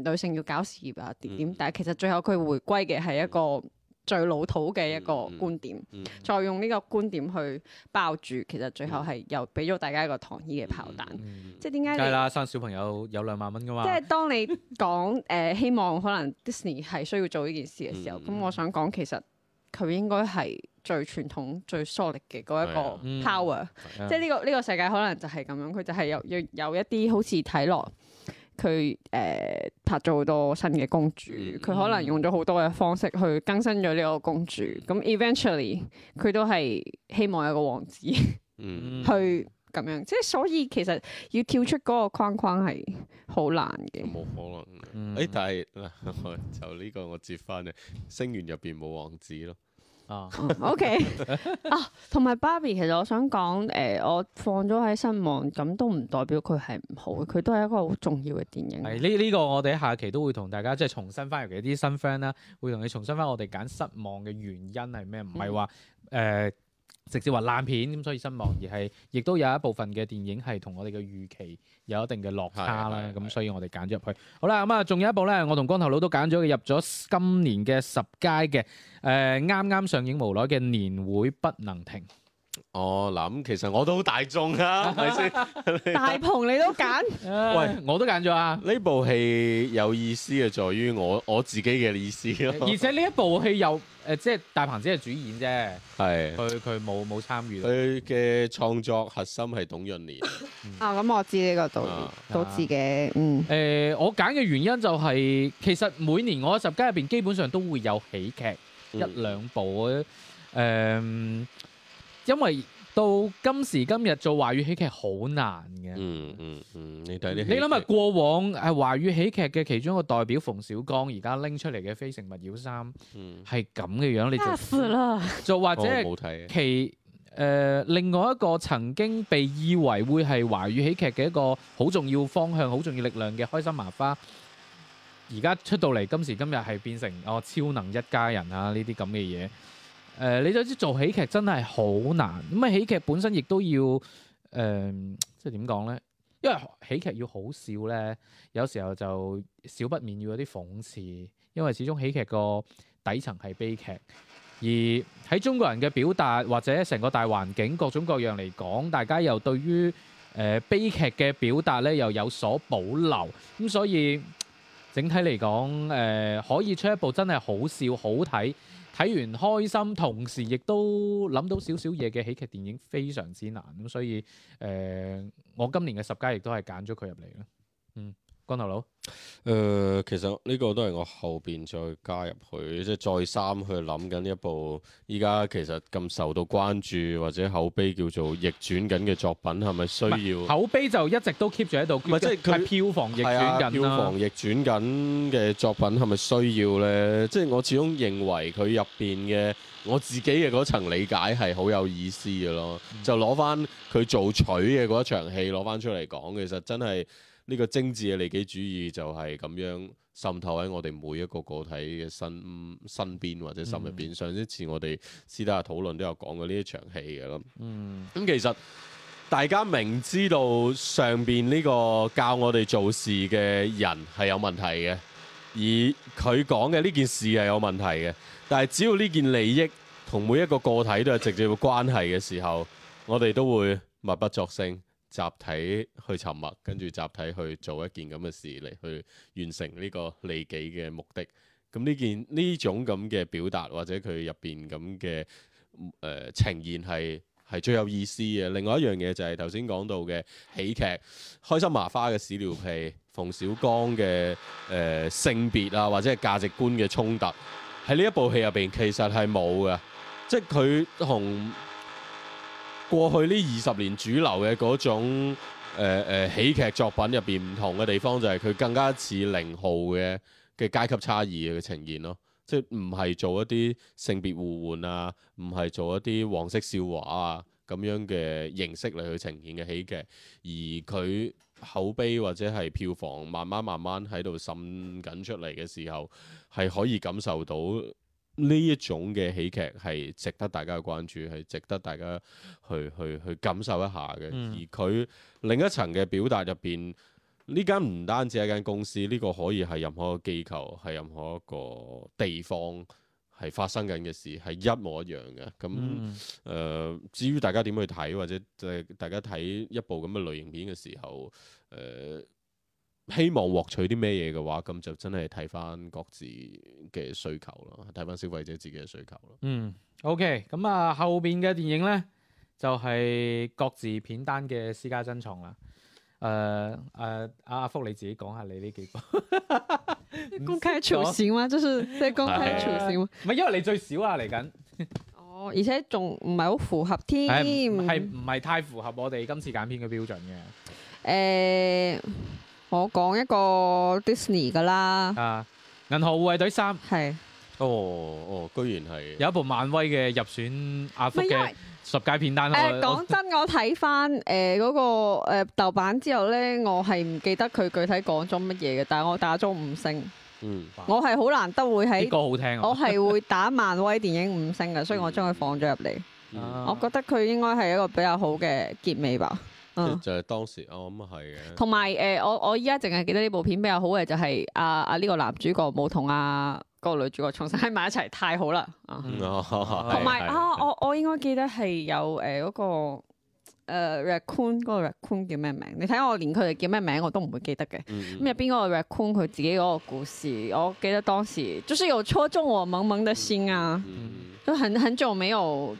誒女性要搞事業啊點點，嗯、但係其實最後佢回歸嘅係一個。最老土嘅一個觀點，嗯嗯、再用呢個觀點去包住，其實最後係又俾咗大家一個糖衣嘅炮彈。嗯嗯、即係點解？係啦，生小朋友有兩萬蚊噶嘛。即係當你講誒、 [laughs] 呃，希望可能 Disney 係需要做呢件事嘅時候，咁、嗯、我想講其實佢應該係最傳統、最 solid 嘅嗰一個 power。嗯嗯嗯、即係呢、呢個呢、嗯、個世界可能就係咁樣，佢就係有要有一啲好似睇落。佢誒、呃、拍咗好多新嘅公主，佢可能用咗好多嘅方式去更新咗呢個公主，咁、嗯、eventually 佢都係希望有個王子、嗯、去咁樣，即係所以其實要跳出嗰個框框係好難嘅，冇可能。誒、嗯欸，但係嗱， [laughs] 就呢個我接翻嘅星願入邊冇王子咯。哦 [laughs] ，OK，啊，同埋 Barbie，其實我想講，誒、呃，我放咗喺失望，咁都唔代表佢係唔好，佢都係一個好重要嘅電影。係呢呢個，我哋下期都會同大家即係重新翻，尤其一啲新 friend 啦，會同你重新翻我哋揀失望嘅原因係咩？唔係話誒。嗯呃直接話爛片咁，所以失望；而係亦都有一部分嘅電影係同我哋嘅預期有一定嘅落差啦。咁所以我哋揀咗入去。好啦，咁啊，仲有一部咧，我同光頭佬都揀咗入咗今年嘅十佳嘅。誒，啱啱上映無耐嘅《年會不能停》。哦，嗱，咁其實我都好大眾啊，係咪先？大鵬你都揀？喂，我都揀咗啊！呢部戲有意思嘅，在於我我自己嘅意思咯。而且呢一部戲又～誒，即係大鵬只係主演啫，係佢佢冇冇參與，佢嘅創作核心係董潤年。 [laughs] [laughs] 啊，咁我知呢個導導致嘅。嗯誒、啊、我揀嘅原因就係其實每年我十佳入邊基本上都會有喜劇一兩部嘅，嗯嗯嗯嗯，因為。到今時今日做華語、嗯嗯嗯、華語喜劇好難嘅。嗯嗯嗯，你睇你諗下過往誒華語喜劇嘅其中一個代表馮小剛而家拎出嚟嘅《非誠勿擾三》嗯，係咁嘅樣，樣，你就嚇死啦。就、啊、或者其誒、呃、另外一個曾經被以為會係華語喜劇嘅一個好重要方向、好重要力量嘅《開心麻花》，而家出到嚟今時今日係變成哦超能一家人啊呢啲咁嘅嘢，這誒、呃，你就知做喜劇真係好難咁啊！喜劇本身亦都要誒、呃，即係點講呢？因為喜劇要好笑呢，有時候就少不免要有啲諷刺，因為始終喜劇個底層係悲劇。而喺中國人嘅表達或者成個大環境各種各樣嚟講，大家又對於誒悲劇嘅表達呢又有所保留，咁所以整體嚟講，誒、呃，可以出一部真係好笑好睇，睇完開心，同時亦都諗到少少嘢嘅喜劇電影非常之難，所以，呃，我今年嘅十佳亦都係揀咗佢入嚟。光頭佬，誒、呃，其實呢個都係我後邊再加入去，即係再三去諗緊呢一部依家其實咁受到關注或者口碑叫做逆轉緊嘅作品係咪需要？口碑就一直都 keep 住喺度，是即係佢票房逆轉緊票房逆轉緊嘅作品係咪需要咧？即係、嗯、我始終認為佢入邊嘅我自己嘅嗰層理解係好有意思嘅咯。嗯、就攞翻佢做取嘅嗰一場戲攞翻出嚟講，其實真係。呢個精緻嘅利己主義就係咁樣滲透喺我哋每一個個體嘅身身邊或者心入邊，嗯、上一次我哋私底下討論都有講過呢一場戲嘅咁。咁、嗯嗯、其實大家明知道上邊呢個教我哋做事嘅人係有問題嘅，而佢講嘅呢件事係有問題嘅，但係只要呢件利益同每一個個體都係直接嘅關係嘅時候，我哋都會默不作聲。集體去沉默，跟住集體去做一件咁嘅事嚟去完成呢個利己嘅目的。咁、嗯、呢件呢種咁嘅表達，或者佢入邊咁嘅誒呈現係係最有意思嘅。另外一樣嘢就係頭先講到嘅喜劇《開心麻花》嘅屎尿屁，馮小剛嘅誒性別啊，或者係價值觀嘅衝突，喺呢一部戲入邊其實係冇嘅，即係佢同，過去呢二十年主流嘅嗰種、呃呃、喜劇作品入邊唔同嘅地方，就係佢更加似零號嘅嘅階級差異嘅呈現咯，即係唔係做一啲性別互換啊，唔係做一啲黃色笑話啊咁樣嘅形式嚟去呈現嘅喜劇，而佢口碑或者係票房慢慢慢慢喺度滲緊出嚟嘅時候，係可以感受到。呢一種嘅喜劇係值得大家關注，係值得大家去去去感受一下嘅。嗯、而佢另一層嘅表達入邊，呢間唔單止係一間公司，呢、呢個可以係任何一個機構，係任何一個地方係發生緊嘅事係一模一樣嘅。咁誒、嗯呃，至於大家點去睇，或者即係大家睇一部咁嘅類型片嘅時候，誒、呃。希望獲取啲咩嘢嘅話，咁就真係睇翻各自嘅需求啦，睇翻消費者自己嘅需求啦。嗯，OK，咁、嗯、啊，後邊嘅電影咧就係、是、各自片單嘅私家珍藏啦。誒、呃、誒，阿、呃啊、福你自己講下你呢幾個 [laughs] 公開處刑嘛？就是即係公開處刑嘛？唔係、 [laughs] 啊， [laughs] 因為你最少啊嚟緊。哦，而且仲唔係好符合添？係唔係太符合我哋今次揀片嘅標準嘅？誒、嗯。我講一個 Disney 嘅啦。啊，《銀河護衞隊三》係。哦哦，居然係有一部漫威嘅入選阿福嘅十佳片單咯。誒為，講我真，我睇翻誒嗰個豆瓣之後咧，我係唔記得佢具體講咗乜嘢嘅，但係我打咗五星。我係好難得會喺呢個好聽。我係會打漫威電影五星嘅，所以我將佢放咗入嚟。我覺得佢應該係一個比較好嘅結尾吧。就係當時，我諗係嘅。同埋誒，我我依家淨係記得呢部片比較好嘅就係啊啊呢個男主角冇同啊個女主角重新喺埋一齊，太好啦！啊，同埋 [laughs] [laughs] 啊，我我應該記得係有誒嗰、呃嗰個。誒、uh, Raccoon 嗰個 Raccoon 叫咩名？你睇我連佢哋叫咩名我都唔會記得嘅。咁入邊嗰個 Raccoon 佢自己嗰個故事，我記得當時就算、是、由初中我懵懵得先啊！都肯很久沒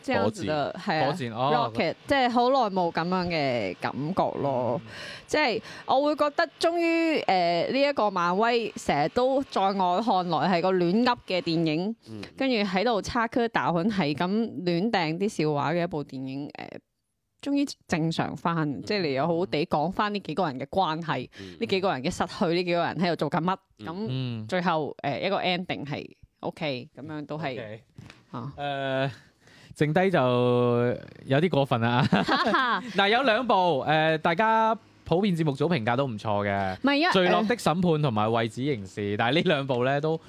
即這樣子的係火箭，對火箭哦，Rocket，即係好耐冇咁樣嘅感覺咯。即係、嗯、我會覺得，終於誒呢一個漫威成日都在我看來係個亂噏嘅電影，跟住喺度叉曲打韻係咁亂掟啲笑話嘅一部電影誒。Uh, 終於正常翻，即係你又好好地講翻呢幾個人嘅關係，呢、嗯、幾個人嘅失去，呢幾個人喺度做緊乜，咁、嗯、最後誒一個 ending 係 OK，咁樣都係 Okay. 啊，誒、呃、剩低就有啲過分啊。嗱 [laughs] [laughs] [laughs] 有兩部誒、呃、大家。普遍節目組評價都唔錯嘅，唔係啊，墜落的審判同埋惠子，凝視，但係呢兩部咧都唔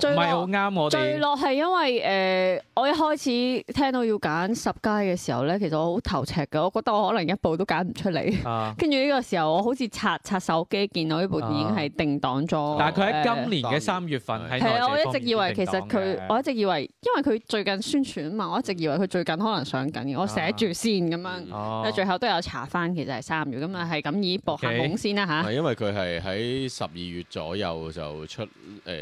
係好啱我。墜落係因為誒，我一開始聽到要揀十佳嘅時候咧，其實我好頭赤㗎，我覺得我可能一部都揀唔出嚟。跟住呢個時候，我好似刷刷手機，見到呢部電影係定檔咗。但係佢喺今年嘅三月份係。係啊，我一直以為其實佢，我一直以為，因為佢最近宣傳啊嘛，我一直以為佢最近可能上緊嘅，我寫住先咁樣。哦。但最後都有查翻，其實係三月咁啊，係。咁以博下懵先啦，嚇，係，因為佢係喺十二月左右就出誒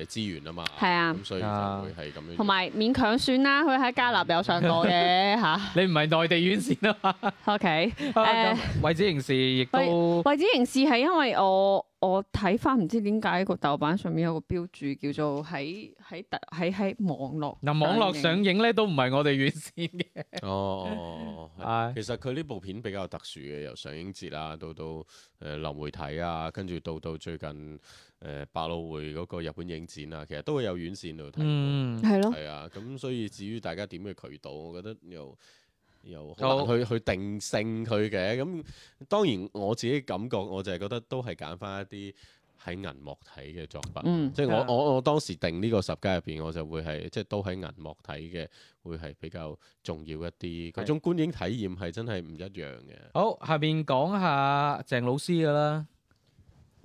資源啊嘛，係啊，咁所以就會係咁樣，同埋勉強算啦，佢喺加拿大有上過嘅吓，你唔係內地院線啊嘛？O K 誒，惠子凝視亦都，惠子凝視係因為我。我睇翻唔知點解個豆瓣上面有個標註叫做喺喺特喺喺網絡嗱，網絡上映咧都唔係我哋院線嘅哦。係其實佢呢部片比較特殊嘅，由上映節啦，到到誒流媒體啊，跟住到到最近誒百老匯嗰個日本影展啊，其實都會有院線度睇。嗯，係咯的，係啊。咁所以至於大家點嘅渠道，我覺得又。有去去定性佢嘅，咁當然我自己感覺，我就係覺得都係揀翻一啲喺銀幕睇嘅作品，即係我我我當時定呢個十佳入邊，我就會係即係都喺銀幕睇嘅，會係比較重要一啲。嗰種觀影體驗係真係唔一樣嘅。好，下面講下鄭老師㗎啦。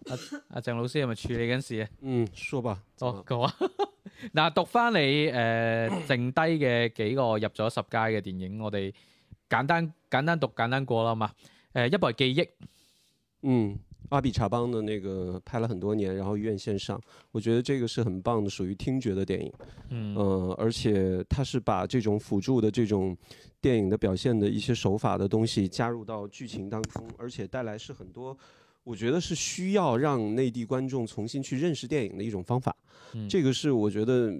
阿阿鄭老師係咪處理緊事啊？嗯，舒服啊。嗱，讀翻你誒剩低嘅幾個入咗十佳嘅電影，我哋。簡單簡單讀簡單過了嘛，誒、呃、一部係記憶。嗯，阿比查邦的那個拍了很多年，然後院線上，我覺得這個是很棒的，屬於聽覺的電影。嗯、呃，而且他是把這種輔助的這種電影的表現的一些手法的東西加入到劇情當中，而且帶來是很多，我覺得是需要讓內地觀眾重新去認識電影的一種方法。嗯、這個是，我覺得。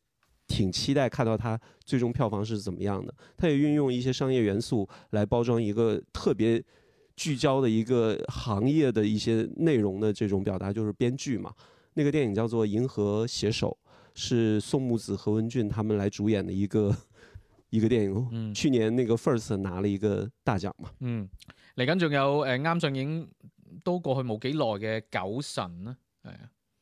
挺期待看到它最終票房是怎麼樣的。它也運用一些商業元素來包裝一個特別聚焦的一個行業的一些內容的這種表達，就是編劇嘛。那個電影叫做《銀河寫手》，是宋木子、何文俊他們來主演的一個一個電影。嗯，去年那個 First 拿了一個大獎嘛。嗯，嚟緊仲有誒啱、呃、上映都過去冇幾耐嘅《狗神》啦，係啊。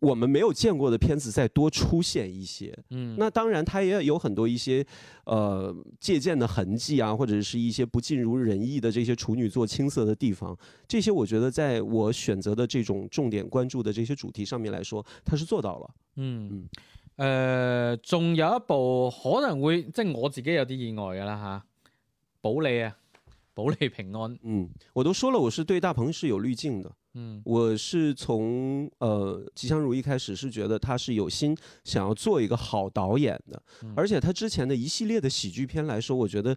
我們沒有見過的片子再多出現一些，嗯，那當然，它也有很多一些，呃，借鑒的痕迹啊，或者是一些不盡如人意的這些處女作青澀的地方，這些我覺得在我選擇的這種重點關注的這些主題上面來說，它是做到了。嗯，嗯呃，仲有一部可能會，即我自己有啲意外嘅啦哈，保你啊，保你平安。嗯，我都說了，我是對大鵬是有濾鏡的。嗯，我是從，呃，《吉祥如意》開始是覺得他是有心想要做一個好導演的，而且他之前的一系列的喜劇片來說，我覺得。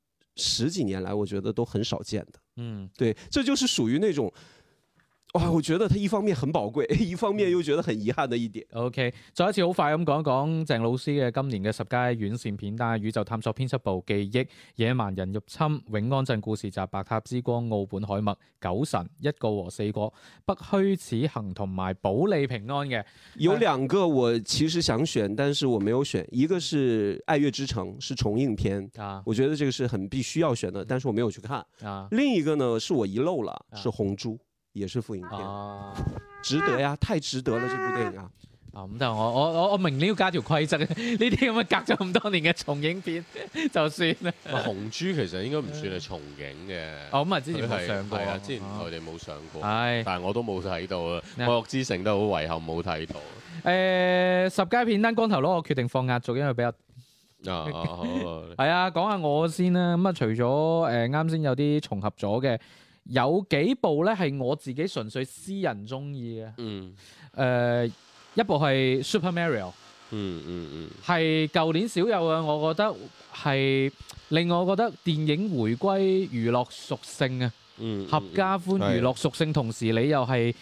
十幾年來，我覺得都很少見的。嗯，對，這就是屬於那種。哇，我覺得他一方面很寶貴，一方面又覺得很遺憾的一點。OK，再一次好快咁講一講鄭老師嘅今年嘅十佳院線片單，宇宙探索編輯部、《記憶》、《野蠻人入侵》、《永安鎮故事集》、《白塔之光》、《奧本海默》、《九神》、《一個和四個》、《不虛此行》同埋《保你平安》嘅。有兩個我其實想選，但是我沒有選，一個是《愛樂之城》是重映片，啊、我覺得這個是很必須要選的，但是我沒有去看。啊、另一個呢，是我遺漏了，是《紅珠》。也是副影片，啊、值得呀、啊，太值得了！這部電影啊，啊、嗯，咁但係我我我我明年要加條規則，呢啲咁嘅隔咗咁多年嘅重影片 [laughs] 就算啦了。紅豬其實應該唔算係重影嘅，哎、哦咁啊、嗯，之前冇上過啊，之前我哋冇上過，係、哦，但係我都冇睇到啊，《愛樂之城》都好遺憾冇睇到。誒、哎哎，十佳片單光頭佬，我決定放壓軸，因為比較啊好係啊，講、 [laughs] 啊、下我先啦。咁啊，除咗誒啱先有啲重合咗嘅。有幾部咧係我自己純粹私人中意嘅，嗯，誒，一部係 Super Mario，嗯嗯嗯，係舊年少有嘅，我覺得係令我覺得電影回歸娛樂屬性啊，嗯嗯，合家歡娛樂屬性，同時你又係。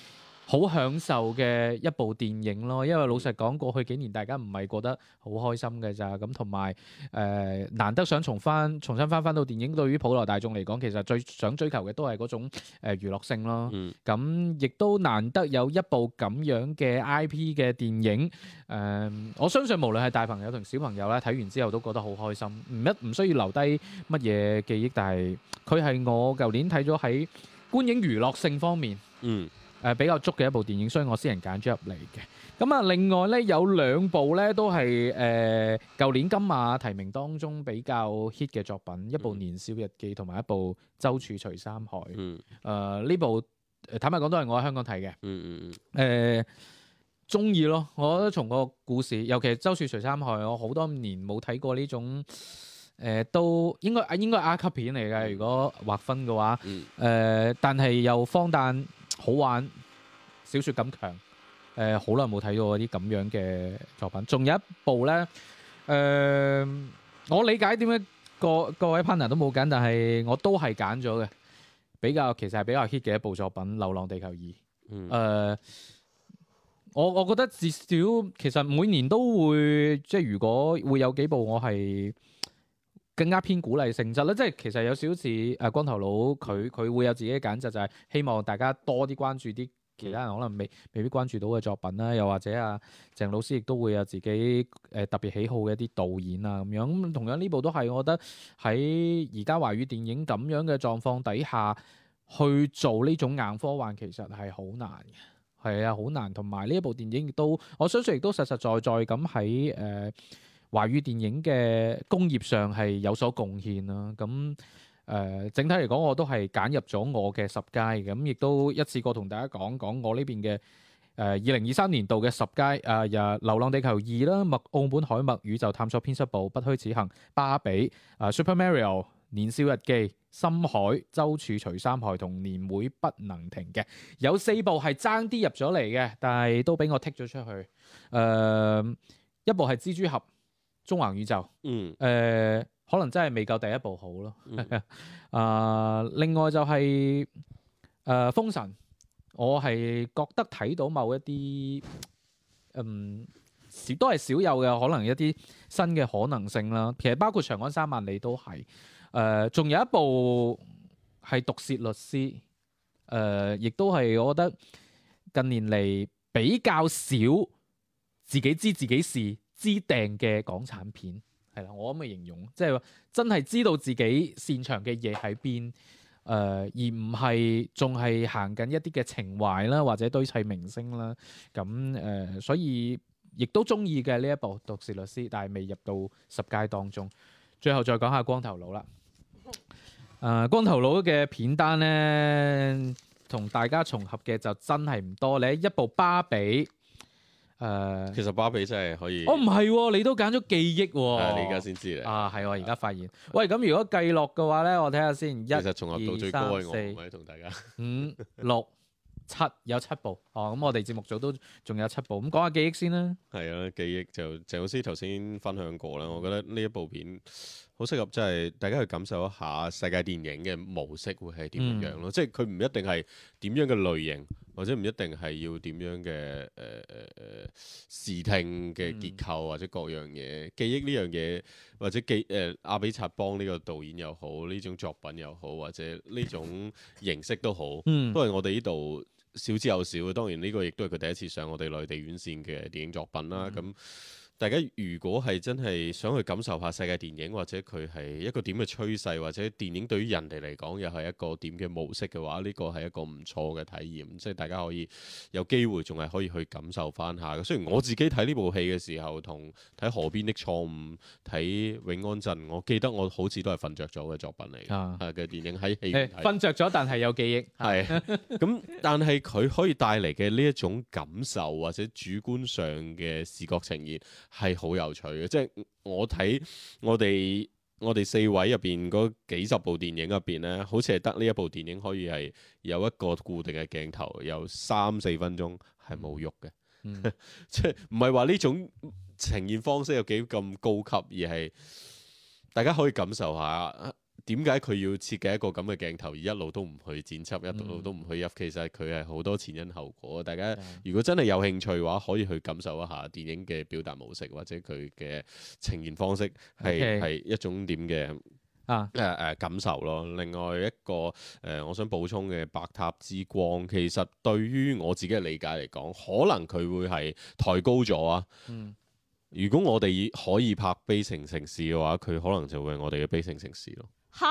好享受嘅一部電影咯，因為老實講過去幾年大家唔係覺得好開心嘅咋咁，同埋誒難得想重翻重新翻翻到電影。對於普羅大眾嚟講，其實最想追求嘅都係嗰種呃娛樂性咯。咁、嗯、亦都難得有一部咁樣嘅 IP 嘅電影。誒、呃，我相信無論係大朋友同小朋友啦，睇完之後都覺得好開心，唔一唔需要留低乜嘢記憶，但係佢係我舊年睇咗喺觀影娛樂性方面。嗯。誒比較足嘅一部電影，所以我私人揀咗入嚟嘅。咁啊，另外咧有兩部咧都係誒舊年金馬提名當中比較 hit 嘅作品，嗯、一部《年少日記》同埋一部《周處除三害》。嗯。呢部、呃、坦白講都係我喺香港睇嘅。嗯嗯中、嗯、意、呃、咯，我覺得從個故事，尤其係《周處除三害》，我好多年冇睇過呢種誒、呃，都應該啊應該 R 級片嚟嘅。如果劃分嘅話，嗯。呃、但係又荒誕。好玩、小説感強，誒好耐冇睇過啲咁樣嘅作品。仲有一部咧，誒、呃、我理解點解各各位 partner 都冇揀，但係我都係揀咗嘅，比較其實係比較 hit 嘅一部作品《流浪地球二》，嗯。誒、呃、我我覺得至少其實每年都會即係如果會有幾部我係。更加偏鼓勵性質啦，即係其實有少似誒光頭佬，佢佢會有自己嘅揀擇，就係希望大家多啲關注啲其他人可能未未必關注到嘅作品啦。又或者啊，鄭老師亦都會有自己誒、呃、特別喜好嘅一啲導演啊咁樣。咁同樣呢部都係，我覺得喺而家華語電影咁樣嘅狀況底下，去做呢種硬科幻其實係好難嘅。係啊，好難。同埋呢一部電影亦都，我相信亦都實實在在咁喺誒。呃華語電影嘅工業上係有所貢獻啦，咁誒、呃、整體嚟講我都係揀入咗我嘅十佳嘅，咁亦都一次過同大家講講我呢邊嘅誒二零二三年度嘅十佳誒、呃《流浪地球二》啦，《墨澳門海墨宇宙探索編輯部》、《不虛此行》、《芭比》呃《誒 Super Mario》、《年少日記》、《深海》海《周處除三害》同《年會不能停》嘅，有四部係爭啲入咗嚟嘅，但係都俾我剔咗出去，誒、呃、一部係《蜘蛛俠》。中橫宇宙，誒、嗯呃、可能真係未夠第一部好咯。啊、 [laughs] 呃，另外就係、是、誒《封、呃、神》，我係覺得睇到某一啲，嗯，少都係少有嘅，可能一啲新嘅可能性啦。其實包括《長安三萬里》都、呃、係，誒，仲有一部係《毒舌律師》呃，誒，亦都係我覺得近年嚟比較少自己知自己事。知定嘅港產片係啦，我可唔可以形容，即係真係知道自己擅長嘅嘢喺邊，誒、呃、而唔係仲係行緊一啲嘅情懷啦，或者堆砌明星啦，咁、啊、誒、呃，所以亦都中意嘅呢一部《毒舌律師》，但係未入到十佳當中。最後再講下光頭佬啦，誒、呃、光頭佬嘅片單呢，同大家重合嘅就真係唔多咧，一部《芭比》。誒，其實芭比真係可以。哦，唔係喎，你都揀咗記憶喎、啊哦。你而家先知咧。啊，係我而家發現。對喂，咁如果計落嘅話咧，我睇下先。其實重合度最高嘅我，唔係同大家。五六 [laughs] 七有七部。哦，咁我哋節目組都仲有七部。咁講下記憶先啦。係啊，記憶就鄭老師頭先分享過啦。我覺得呢一部片，好適合即係大家去感受一下世界電影嘅模式會係點樣咯，嗯、即係佢唔一定係點樣嘅類型，或者唔一定係要點樣嘅誒誒誒視聽嘅結構，或者各樣嘢、嗯、記憶呢樣嘢，或者記誒阿、呃、比察邦呢個導演又好，呢種作品又好，或者呢種形式都好，嗯、都係我哋呢度少之又少嘅。當然呢個亦都係佢第一次上我哋內地院線嘅電影作品啦。咁、嗯。大家如果係真係想去感受下世界電影，或者佢係一個點嘅趨勢，或者電影對於人哋嚟講又係一個點嘅模式嘅話，呢個係一個唔錯嘅體驗，即係大家可以有機會仲係可以去感受翻下。雖然我自己睇呢部戲嘅時候，同睇《河邊的錯誤》、睇《永安鎮》，我記得我好似都係瞓着咗嘅作品嚟嘅，嘅、啊啊、電影喺戲院瞓着咗，但係有記憶。係咁是， [laughs] 但係佢可以帶嚟嘅呢一種感受，或者主觀上嘅視覺呈現。係好有趣嘅，即係我睇我哋我哋四位入邊嗰幾十部電影入邊呢，好似係得呢一部電影可以係有一個固定嘅鏡頭，有三四分鐘係冇喐嘅，嗯、 [laughs] 即係唔係話呢種呈現方式有幾咁高級，而係大家可以感受下。點解佢要設計一個咁嘅鏡頭，而一路都唔去剪輯，一路都唔去入？其實佢係好多前因後果。大家如果真係有興趣嘅話，可以去感受一下電影嘅表達模式，或者佢嘅呈現方式係係 Okay. 一種點嘅啊感受咯。另外一個、呃、我想補充嘅《白塔之光》，其實對於我自己嘅理解嚟講，可能佢會係抬高咗啊。嗯、如果我哋可以拍《悲情城市》嘅話，佢可能就會係我哋嘅《悲情城市》咯。吓！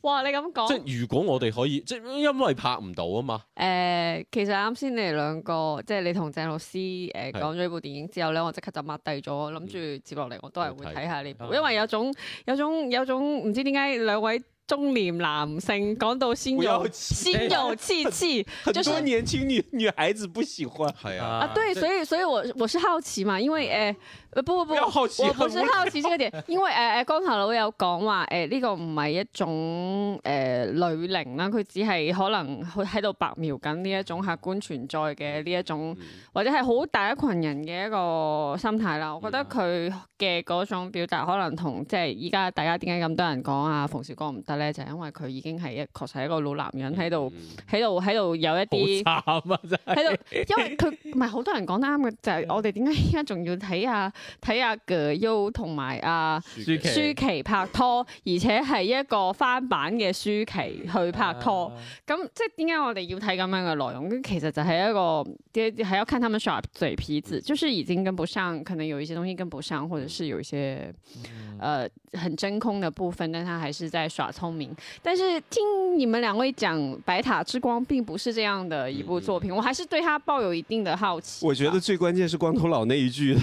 哇，你咁講，即係如果我哋可以，即係因為拍唔到啊嘛。誒、呃，其實啱先你哋兩個，即係你同鄭老師誒講咗呢部電影之後咧，對我即刻就抹低咗，諗住接落嚟我都係會睇下呢部，因為有種有種有種唔知點解兩位中年男性講到先有心有芥蒂， [laughs] 就是很多年輕女女孩子不喜歡。係啊，啊對，所以對所以我我是好奇嘛，因為誒。呃唔好，唔我唔想開我前先嘅碟，啊哦、因為誒誒光頭佬有講話誒呢個唔係一種誒、呃、女靈啦，佢只係可能佢喺度白描緊呢一種客觀存在嘅呢一種，嗯、或者係好大一群人嘅一個心態啦。我覺得佢嘅嗰種表達嗎可能同即係依家大家點解咁多人講阿馮小剛唔得咧，就係、是、因為佢已經係一確實係一個老男人喺度，喺度，喺度有一啲，好慘、啊、真係、因為佢唔係好多人講得啱嘅，就係、是、我哋點解依家仲要睇阿、啊？睇阿葛 a 同埋阿舒淇拍拖，而且係一個翻版嘅舒淇去拍拖。咁即係點解我哋要睇咁樣嘅內容？其實就係一個即係要看他們耍嘴皮子，就是已經跟不上，可能有一些東西跟不上，或者是有一些，呃、很真空嘅部分，但他還是在耍聰明。但是聽你們兩位講《白塔之光》並不是這樣的一部作品，嗯嗯，我還是對它抱有一定的好奇。我覺得最關鍵是光頭佬那一句。 [laughs]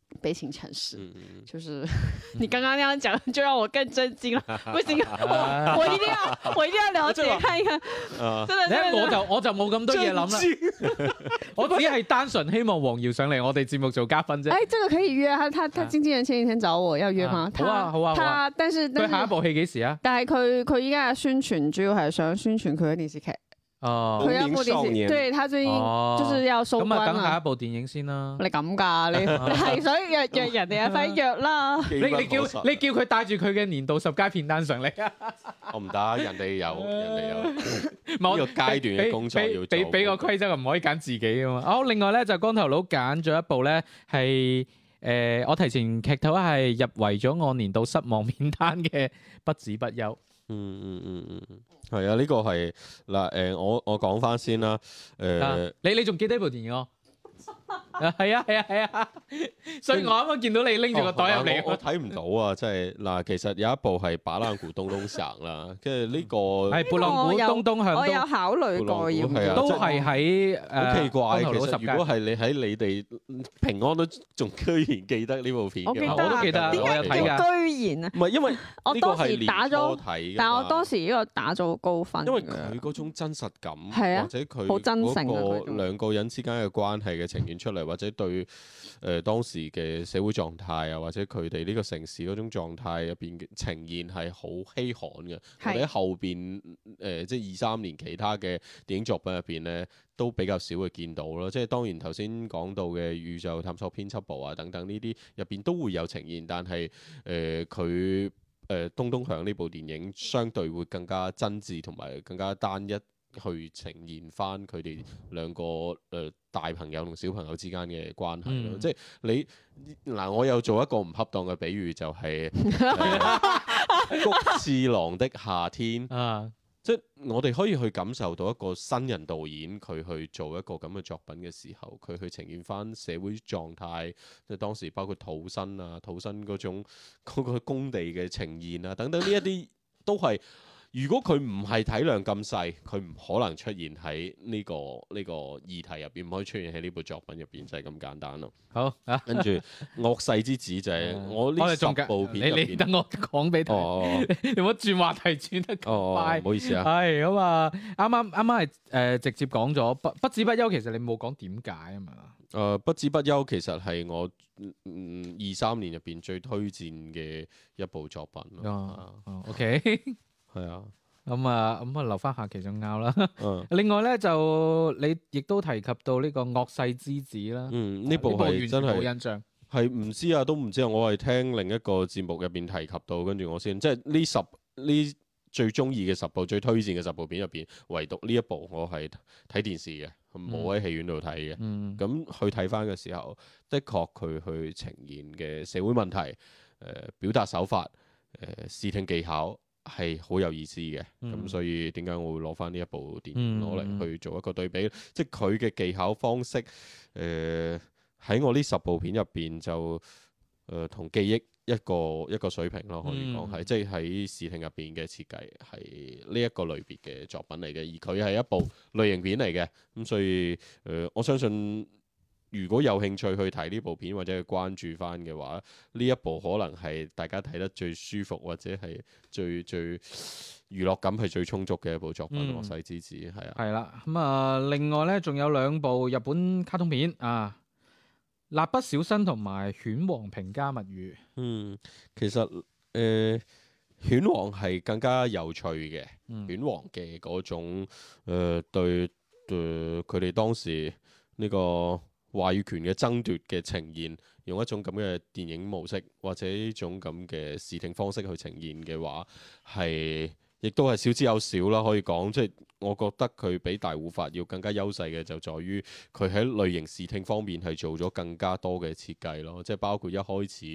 悲情城市，就是你剛剛那樣講，就讓我更震驚了。不行，我我一定要我一定要了解看一看。真係，我就我就冇咁多嘢諗啦。我只係單純希望黃瑤上嚟我哋節目做嘉賓啫。哎，這個可以約啊，他他經紀人前幾天找我要約嗎？好啊好啊。他，但是佢下一部戲幾時啊？但係佢佢依家嘅宣傳主要係想宣傳佢嘅電視劇。哦，佢一部電視，即係睇先，即係有宋君啊。咁啊，等下一部電影先啦。你咁噶？你你係想約約人哋阿輝約啦？你你叫你叫佢帶住佢嘅年度十佳片單上嚟。我唔得，人哋有，人哋有，某呢個階段嘅工作要做。俾俾個規則啊，唔可以揀自己啊嘛。好，另外咧就光頭佬揀咗一部咧係誒，我提前劇透係入圍咗我年度失望片單嘅《不止不休》。嗯嗯嗯嗯。係、這個呃呃、啊，呢個係嗱，誒我我講返先啦，誒你你仲記得部電影啊？啊，係啊，係啊，係啊，所以我啱啱見到你拎住個袋入嚟，我睇唔到啊！即係嗱，其實有一部係《把冷鼓咚咚聲》啦，跟住呢個係《撥浪鼓咚咚響》，我有考慮過要，都係喺好奇怪嘅，如果係你喺你哋平安都仲居然記得呢部片，我都記得，我有睇。居然啊？唔係因為我當時打咗，但我當時呢個打咗高分，因為佢嗰種真實感，係啊，或者佢好嗰個兩個人之間嘅關係嘅情願。出嚟或者對誒、呃、當時嘅社會狀態啊，或者佢哋呢個城市嗰種狀態入邊嘅呈現係好稀罕嘅，或者是後邊、呃、即係二三年其他嘅電影作品入邊呢，都比較少會見到咯。即係當然頭先講到嘅《宇宙探索編輯部》啊等等呢啲入邊都會有呈現，但係誒佢誒《咚咚響》呢、呃、部電影相對會更加真摯同埋更加單一。去呈現翻佢哋兩個誒、呃、大朋友同小朋友之間嘅關係咯，嗯、即係你嗱，我有做一個唔恰當嘅比喻，就係、係 [laughs] 呃《菊次郎的夏天》，啊、即係我哋可以去感受到一個新人導演佢去做一個咁嘅作品嘅時候，佢去呈現翻社會狀態，即係當時包括土生啊、土生嗰種、嗰個、工地嘅呈現啊等等呢一啲都係。如果佢唔係體量咁細，佢唔可能出現喺呢、這個呢、這個議題入邊，唔可以出現喺呢部作品入邊，就係、是、咁簡單咯。好，跟、啊、住著《 [laughs] 惡世之子》就係我呢部片、嗯你，你等我講俾你哦。哦，有冇 [laughs] 轉話題轉得咁快？唔、哦、好意思啊。係咁啊，啱啱啱啱係誒直接講咗不不止不休。其實你冇講點解啊嘛。誒、呃，不止不休其實係我二三、嗯、年入邊最推薦嘅一部作品。啊、嗯哦哦、，OK。 [laughs] 係啊，咁啊、嗯，咁啊、嗯，留翻下期再拗啦。嗯、另外咧，就你亦都提及到呢個《惡世之子》啦。嗯，呢部係真係好印象係唔知啊，都唔知啊。我係聽另一個節目入邊提及到，跟住我先即係呢十呢最中意嘅十部最推薦嘅十部片入邊，唯獨呢一部我係睇電視嘅，冇喺戲院度睇嘅。咁、嗯嗯、去睇翻嘅時候，的確佢去呈現嘅社會問題，誒、呃，表達手法，誒、呃，視聽技巧。係好有意思嘅，咁、嗯、所以點解我會攞翻呢一部電影攞嚟去做一個對比？嗯嗯、即係佢嘅技巧方式，誒、呃、喺我呢十部片入邊就誒同、呃、記憶一個一個水平咯，可以講係，嗯、即係喺視聽入邊嘅設計係呢一個類別嘅作品嚟嘅，而佢係一部類型片嚟嘅，咁所以誒、呃、我相信。如果有興趣去睇呢部片或者去關注翻嘅話，呢一部可能係大家睇得最舒服或者係最最，最娛樂感係最充足嘅一部作品《惡勢、嗯、之子》係啊。係啦，咁、嗯、啊，另外呢，仲有兩部日本卡通片啊，《蠟筆小新》同埋《犬王平家物語》。嗯，其實誒，呃《犬王》係更加有趣嘅，嗯《犬王》嘅嗰種誒對對佢哋、呃、當時呢、這個。話語權嘅爭奪嘅呈現，用一種咁嘅電影模式或者呢種咁嘅視聽方式去呈現嘅話，係亦都係少之又少啦。可以講，即係我覺得佢比大護法要更加優勢嘅就在於佢喺類型視聽方面係做咗更加多嘅設計咯。即係包括一開始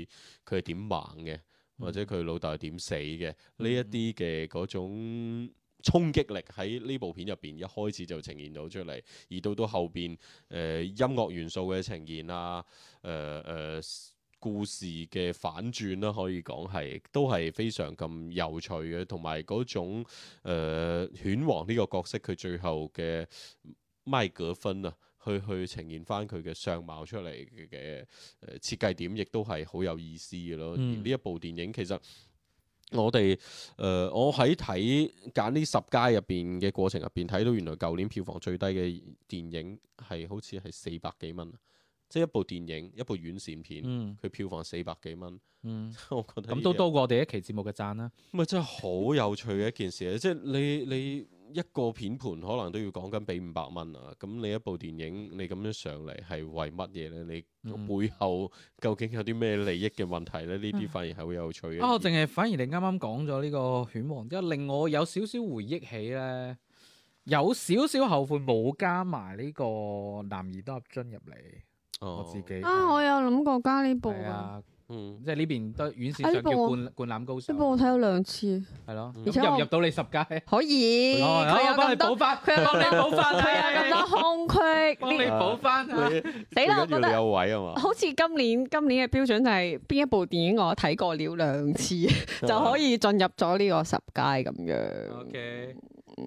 佢係點盲嘅，嗯、或者佢老豆係點死嘅呢一啲嘅嗰種。衝擊力喺呢部片入邊一開始就呈現到出嚟，而到到後邊誒、呃、音樂元素嘅呈現啊，誒、呃、誒、呃、故事嘅反轉啦、啊，可以講係都係非常咁有趣嘅，同埋嗰種、呃、犬王呢個角色佢最後嘅麥葛芬啊，去去呈現返佢嘅相貌出嚟嘅誒設計點，亦都係好有意思嘅咯。而呢、嗯、一部電影其實。我哋誒、呃，我喺睇揀呢十佳入邊嘅過程入邊，睇到原來舊年票房最低嘅電影係好似係四百幾蚊，即係一部電影，一部院線片，佢、嗯、票房四百幾蚊。嗯、 [laughs] 我覺得咁、嗯、都多過我哋一期節目嘅讚啦。咁啊，真係好有趣嘅一件事， [laughs] 即係你你。你一個片盤可能都要講緊俾五百蚊啊！咁你一部電影你咁樣上嚟係為乜嘢咧？你背後究竟有啲咩利益嘅問題咧？呢啲反而係會有趣嘅。哦、嗯，淨係、啊、反而你啱啱講咗呢個《犬王》，因為令我有少少回憶起咧，有少少後悔冇加埋呢個《男兒當入樽》入嚟。我自己、哦嗯、啊，我有諗過加呢部、啊。嗯，即係呢邊都院線上叫灌灌籃高手。你幫、啊、我睇咗兩次，係咯、嗯，入入到你十佳。可以，佢又幫你補翻，佢又幫你補翻，佢有咁多空隙，幫你補翻。 [laughs] [laughs] 死啦，我覺得有位啊嘛。好似 [laughs] 今年今年嘅標準就係邊一部電影我睇過了兩次 [laughs] [laughs] 就可以進入咗呢個十佳咁樣。Okay.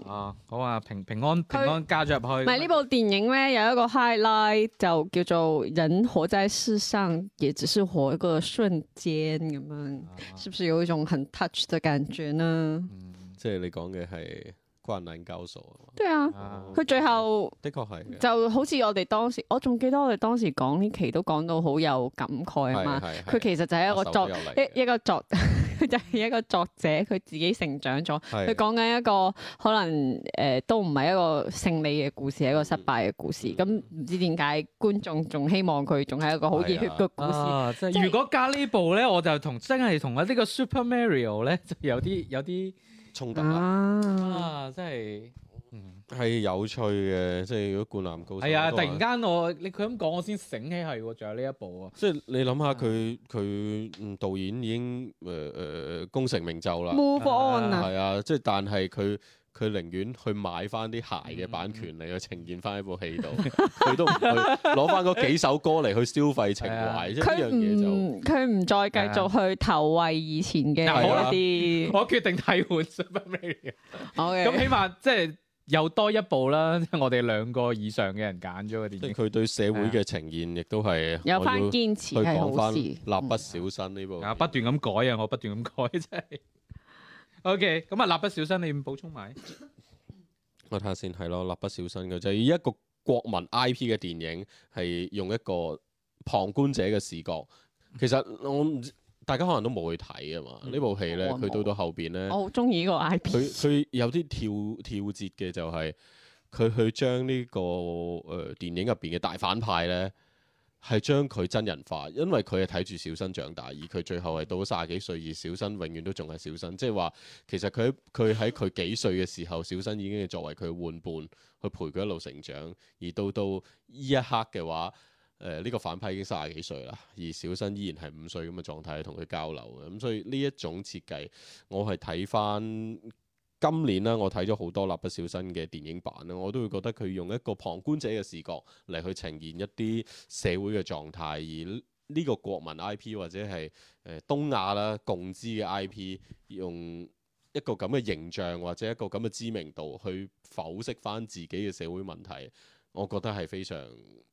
啊，好啊，平平安平安加咗入去。唔係呢部電影咧，有一個 highlight 就叫做，人活在世上，也只是活一個瞬間咁樣，是不是有一種很 touch 的感覺呢？嗯，即係你講嘅係。困難教唆啊！對啊，佢最後的確係就好似我哋當時，我仲記得我哋當時講呢期都講到好有感慨啊嘛。佢其實就係一個作一一個作，個作 [laughs] 就係一個作者，佢自己成長咗。佢講緊一個可能誒、呃、都唔係一個勝利嘅故事，係一個失敗嘅故事。咁唔、嗯、知點解觀眾仲希望佢仲係一個好熱血嘅故事？如果加呢部咧，我就同真係同呢個 Super Mario 咧就有啲有啲，有衝突啊，啊！真係，係、嗯、有趣嘅。即係如果灌籃高手，係啊！說突然間我你佢咁講，我先醒起係喎，仲有呢一步啊。即係你諗下佢佢導演已經誒誒、呃呃、功成名就啦。Move on 啊！係啊，即係但係佢。佢寧願去買翻啲鞋嘅版權嚟去呈現翻喺部戲度，佢都唔去攞翻嗰幾首歌嚟去消費情懷。呢樣嘢就，佢唔佢唔再繼續去投餵以前嘅嗰啲。我決定替換乜嘢？OK。咁起碼即係又多一部啦。我哋兩個以上嘅人揀咗嗰啲。即係佢對社會嘅呈現，亦都係有翻堅持係好事。蠟筆小新呢部。不斷咁改啊！我不斷咁改，真係。O K，咁啊！蠟筆、okay, 小新，你唔補充埋？我睇下先，係咯，蠟筆小新嘅就係、是、一個國民 I P 嘅電影，係用一個旁觀者嘅視角。其實我唔知大家可能都冇去睇啊嘛。呢、嗯、部戲咧，佢到好到後邊咧，我好中意呢個 I P。佢佢有啲跳跳節嘅就係、是、佢去將呢、這個誒、呃、電影入邊嘅大反派咧。係將佢真人化，因為佢係睇住小新長大，而佢最後係到咗卅幾歲，而小新永遠都仲係小新，即係話其實佢佢喺佢幾歲嘅時候，小新已經係作為佢嘅玩伴去陪佢一路成長，而到到呢一刻嘅話，呢、呃這個反派已經卅幾歲啦，而小新依然係五歲咁嘅狀態同佢交流嘅，咁、嗯、所以呢一種設計，我係睇翻。今年啦，我睇咗好多《蠟筆小新》嘅電影版啦，我都會覺得佢用一個旁觀者嘅視角嚟去呈現一啲社會嘅狀態，而呢個國民 IP 或者係誒東亞啦共知嘅 IP，用一個咁嘅形象或者一個咁嘅知名度去剖析返自己嘅社會問題，我覺得係非常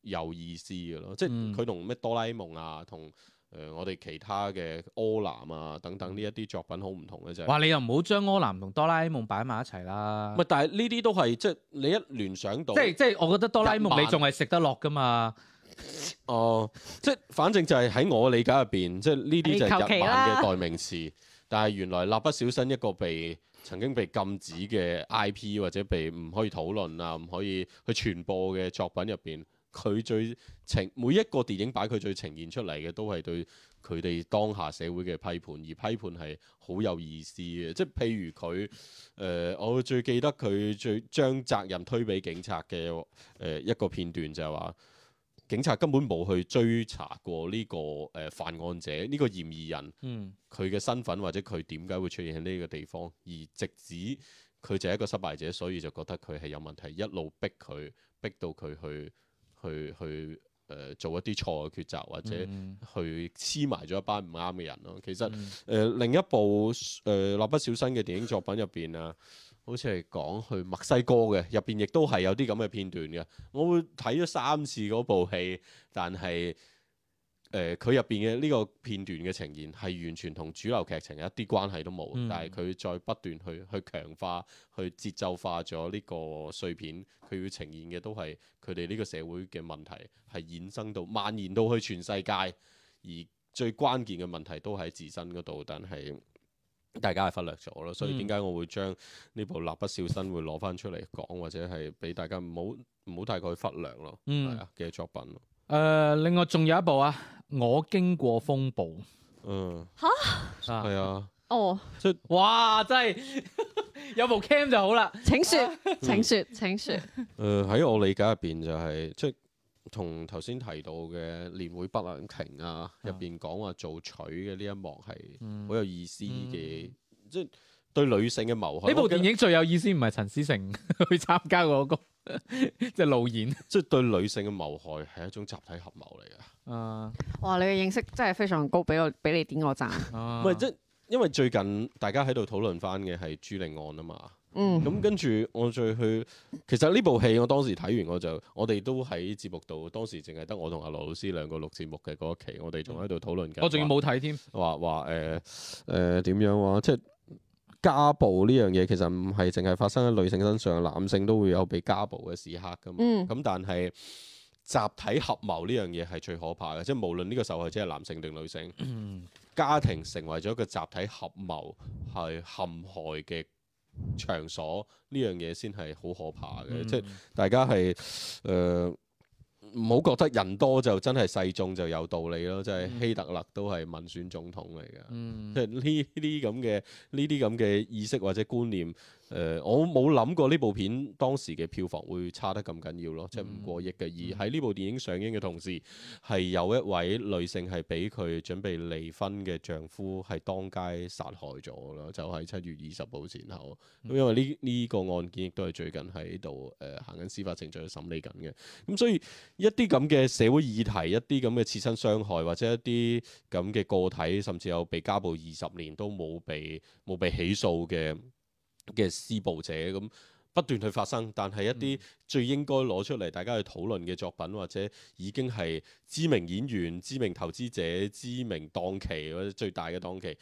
有意思嘅咯，嗯、即係佢同咩哆啦 A 夢啊，同。誒、呃，我哋其他嘅，柯南啊，等等呢一啲作品好唔同嘅啫。哇，你又唔好將柯南同哆啦 A 夢擺埋一齊啦。唔係，但係呢啲都係即係你一聯想到，即係即係我覺得哆啦 A 夢你仲係食得落噶嘛？哦，呃、即係反正就係喺我理解入邊，即係呢啲就係日版嘅代名詞。但係原來蠟筆小新一個被曾經被禁止嘅 IP 或者被唔可以討論啊，唔可以去傳播嘅作品入邊。佢最呈每一個電影擺佢最呈現出嚟嘅都係對佢哋當下社會嘅批判，而批判係好有意思嘅。即係譬如佢誒、呃、我最記得佢最將責任推俾警察嘅誒、呃、一個片段就係話警察根本冇去追查過呢、這個誒、呃、犯案者呢、這個嫌疑人，佢嘅、嗯、身份或者佢點解會出現喺呢個地方，而直指佢就係一個失敗者，所以就覺得佢係有問題一路逼佢逼到佢去。去去誒、呃、做一啲錯嘅抉擇，或者去黐埋咗一班唔啱嘅人咯。其實誒、嗯呃、另一部誒蠟筆、呃、小新嘅電影作品入邊啊，好似係講去墨西哥嘅，入邊亦都係有啲咁嘅片段嘅。我會睇咗三次嗰部戲，但係。誒，佢入邊嘅呢個片段嘅呈現係完全同主流劇情一啲關係都冇，嗯、但係佢再不斷去去強化、去節奏化咗呢個碎片，佢要呈現嘅都係佢哋呢個社會嘅問題係衍生到蔓延到去全世界，而最關鍵嘅問題都喺自身嗰度，但係大家係忽略咗咯。所以點解我會將呢部《蠟筆小新》會攞翻出嚟講，嗯、或者係俾大家唔好唔好大概忽略咯，係啊嘅作品。誒、呃，另外仲有一部啊。我經過風暴，嗯，吓哈，係啊，哦，即係，哇，真係 [laughs] 有部 cam 就好啦，請說，請說，請說、呃，誒，喺我理解入邊就係、是，即係同頭先提到嘅年會不能停啊，入邊講話做取嘅呢一幕係好有意思嘅，嗯嗯、即係。對女性嘅謀害，呢部電影最有意思唔係陳思成去參加嗰、那個即係路演，即 [laughs] 係對女性嘅謀害係一種集體合謀嚟噶。啊，哇！你嘅認識真係非常高，俾我俾你點我讚。唔係即因為最近大家喺度討論翻嘅係朱令案啊嘛。嗯。咁跟住我再去，其實呢部戲我當時睇完我，我就我哋都喺節目度，當時淨係得我同阿羅老師兩個錄節目嘅嗰一期，我哋仲喺度討論緊。嗯、說我仲要冇睇添。話話誒誒點樣話即係。家暴呢樣嘢其實唔係淨係發生喺女性身上，男性都會有被家暴嘅時刻㗎嘛。咁、嗯、但係集體合謀呢樣嘢係最可怕嘅，即係無論呢個受害者係男性定女性，嗯、家庭成為咗一個集體合謀係陷害嘅場所，呢樣嘢先係好可怕嘅。嗯、即係大家係誒。呃唔好覺得人多就真係勢眾就有道理咯，即係、嗯、希特勒都係民選總統嚟嘅，即係呢啲咁嘅呢啲咁嘅意識或者觀念。誒、呃，我冇諗過呢部片當時嘅票房會差得咁緊要咯，即係唔過億嘅。而喺呢部電影上映嘅同時，係、嗯、有一位女性係俾佢準備離婚嘅丈夫係當街殺害咗啦，就喺七月二十號前後。咁、嗯、因為呢呢、呢個案件亦都係最近喺度誒行緊司法程序去審理緊嘅。咁所以一啲咁嘅社會議題，嗯、一啲咁嘅切身傷害，或者一啲咁嘅個體，甚至有被家暴二十年都冇被冇被起訴嘅嘅施暴者咁不斷去發生，但係一啲最應該攞出嚟大家去討論嘅作品，嗯、或者已經係知名演員、知名投資者、知名檔期或者最大嘅檔期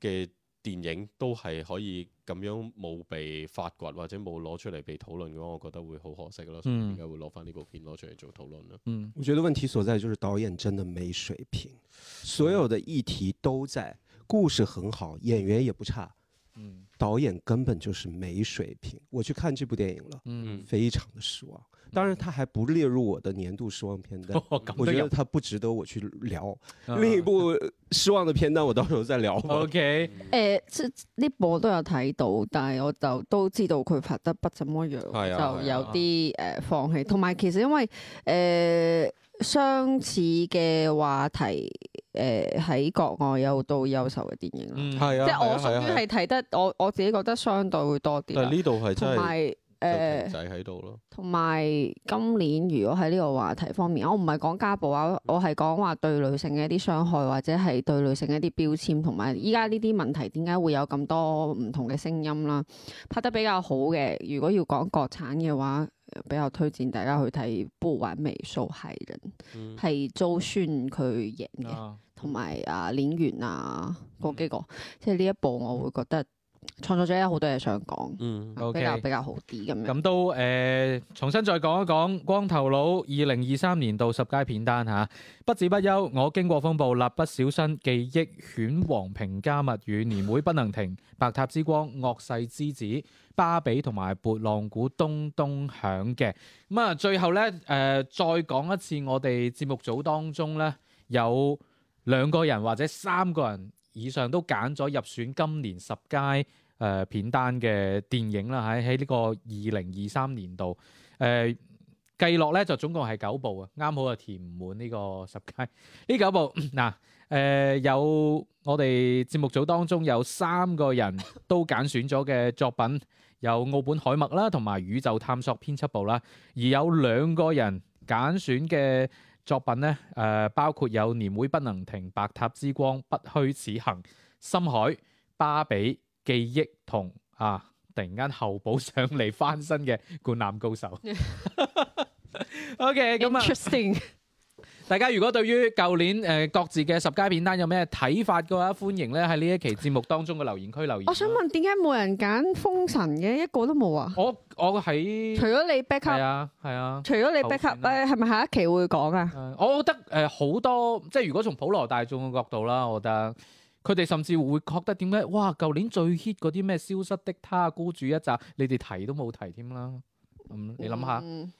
嘅電影，都係可以咁樣冇被發掘或者冇攞出嚟被討論嘅話，我覺得會好可惜咯。點解會攞翻呢部片攞出嚟做討論咧？嗯、我覺得問題所在就是導演真的沒水平。所有的議題都在，故事很好，演員也不差。嗯導演根本就是沒水平，我去看這部電影了，嗯，非常的失望。當然，他還不列入我的年度失望片單，嗯、但我覺得他不值得我去聊。呵呵，另一部失望的片單我到時候再聊。OK，誒，這呢部我都有睇到，但係我就都知道佢拍得不怎麼樣，啊、就有啲誒放棄。同埋、啊，其實因為誒。欸相似嘅話題，誒、呃、喺國外有好多優秀嘅電影咯，嗯、即係係、啊啊啊啊、我屬於係睇得我我自己覺得相對會多啲。但呢度係真係。誒仔喺度咯，同埋、呃、今年如果喺呢個話題方面，我唔係講家暴啊，我係講話對女性嘅一啲傷害，或者係對女性嘅一啲標籤，同埋依家呢啲問題點解會有咁多唔同嘅聲音啦？拍得比較好嘅，如果要講國產嘅話，比較推薦大家去睇《不完美受害人》，嗯，係周迅佢演嘅，同埋啊林允啊嗰幾個，嗯、即係呢一部我會覺得。創作者有好多嘢想講，嗯，比較 okay，比較好啲咁樣。咁都，誒、呃，重新再講一講，光頭佬二零二三年度十佳片單吓、啊，不止不休，我經過風暴，蠟筆小新，記憶犬王平家物語，年會不能停，白塔之光，惡世之子，芭比同埋撥浪鼓咚咚響嘅。咁啊，最後咧，誒、呃，再講一次，我哋節目組當中咧有兩個人或者三個人。以上都揀咗入選今年十佳誒、呃、片單嘅電影啦，喺喺呢個二零二三年度誒計落咧就總共係九部啊，啱好就填滿呢個十佳呢九部嗱，誒、呃呃、有我哋節目組當中有三個人都揀選咗嘅作品， [laughs] 有奧本海默啦，同埋宇宙探索編輯部啦，而有兩個人揀選嘅。作品咧，誒、呃、包括有年會不能停、白塔之光、不虛此行、深海、芭比、記憶同啊，突然間候補上嚟翻身嘅灌籃高手。O K，咁啊。大家如果對於舊年誒各自嘅十佳片單有咩睇法嘅話，歡迎咧喺呢一期節目當中嘅留言區留言。我想問點解冇人揀封神嘅，一個都冇啊？我我喺除咗你 backup 係啊，係啊，啊除咗你 backup 係咪下一期會講啊？我覺得誒好多即係如果從普羅大眾嘅角度啦，我覺得佢哋甚至會覺得點解哇，舊年最 hit 嗰啲咩消失的他、孤注一擲，你哋提都冇提添啦。咁、嗯、你諗下。嗯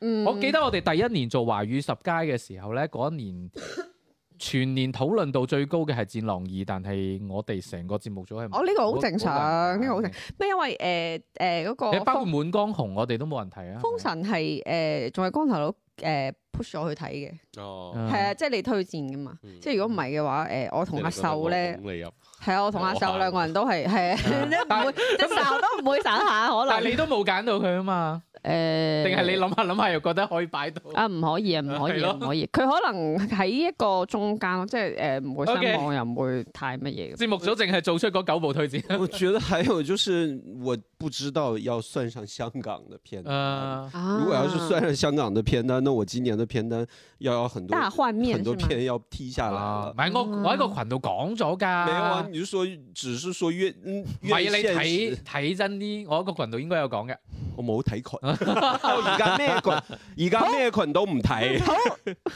嗯、我記得我哋第一年做華語十佳嘅時候咧，嗰一年全年討論度最高嘅係《戰狼二》，但係我哋成個節目組係唔同。哦，呢個好正常，呢、呢個好正常咩？因為誒誒嗰個，包括《滿江紅》我，我哋都冇人睇。啊。封神係誒，仲、呃、係光頭佬。誒 push 咗去睇嘅，係啊，即係你推薦嘅嘛。即係如果唔係嘅話，誒我同阿秀咧，係啊，我同阿秀兩個人都係係，都唔會，咁秀都唔會散下。可能但係你都冇揀到佢啊嘛。誒，定係你諗下諗下又覺得可以擺到啊？唔可以啊，唔可以，唔可以。佢可能喺一個中間咯，即係誒唔會失望又唔會太乜嘢。節目組淨係做出嗰九部推薦，主要係就是我不知道要算上香港的片單。呃、如果要是算上香港的片單，啊、那我今年的片單要有很多大畫面，很多片要踢下來了。唔係、啊嗯，我我喺個群度講咗㗎。沒有啊，你說只是說越嗯，唔係你睇睇真啲，我喺個群度應該有講嘅。 [laughs] 有冇睇群？而家咩群，而家咩群都唔睇。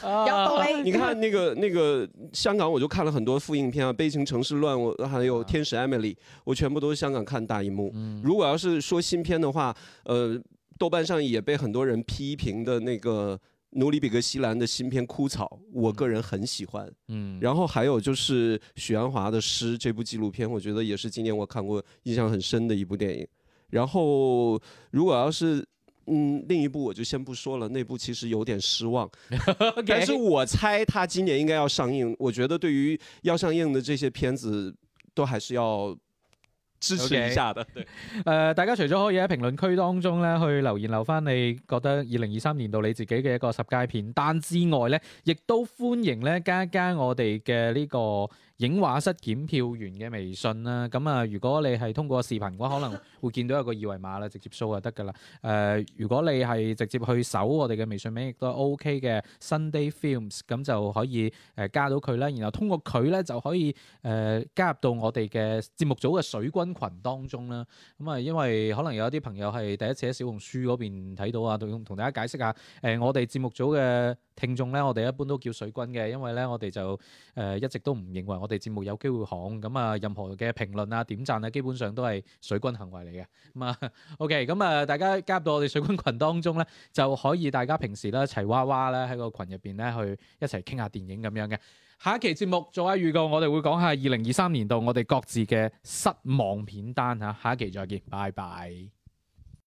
有道理。你看那個那個香港，我就看了很多複映片啊，《悲情城市》、《亂》，我還有《天使 Emily》，我全部都是香港看大銀幕。如果要是說新片的話，呃，豆瓣上也被很多人批評的那個努里比格希蘭的新片《枯草》，我個人很喜歡。嗯。然後還有就是許鞍華的《詩》這部紀錄片，我覺得也是今年我看過印象很深的一部電影。然後如果要是，嗯，另一部我就先不說了，那部其實有點失望， [laughs] Okay. 但是我猜他今年應該要上映。我覺得對於要上映的這些片子，都還是要支持一下的。Okay. 對，呃，大家除咗可以喺評論區當中呢去留言留返你覺得二零二三年度你自己嘅一個十佳片單之外呢，亦都歡迎呢加一加我哋嘅呢個。影畫室檢票員嘅微信啦，咁啊，如果你係通過視頻嘅話，可能會見到有個二維碼啦，直接掃就得㗎啦。誒、呃，如果你係直接去搜我哋嘅微信名，亦都 O、OK、K 嘅 Sunday Films，咁就可以誒加到佢啦。然後通過佢咧就可以誒、呃、加入到我哋嘅節目組嘅水軍群當中啦。咁、嗯、啊，因為可能有啲朋友係第一次喺小紅書嗰邊睇到啊，同大家解釋下誒、呃，我哋節目組嘅。聽眾咧，我哋一般都叫水軍嘅，因為咧，我哋就誒、呃、一直都唔認為我哋節目有機會行，咁、嗯、啊，任何嘅評論啊、點贊啊，基本上都係水軍行為嚟嘅。咁、嗯、啊 [laughs] ，OK，咁、嗯、啊，大家加入到我哋水軍群當中咧，就可以大家平時咧齊娃娃咧喺個群入邊咧去一齊傾下電影咁樣嘅。下一期節目做下預告，我哋會講下二零二三年度我哋各自嘅失望片單嚇。下一期再見，拜拜。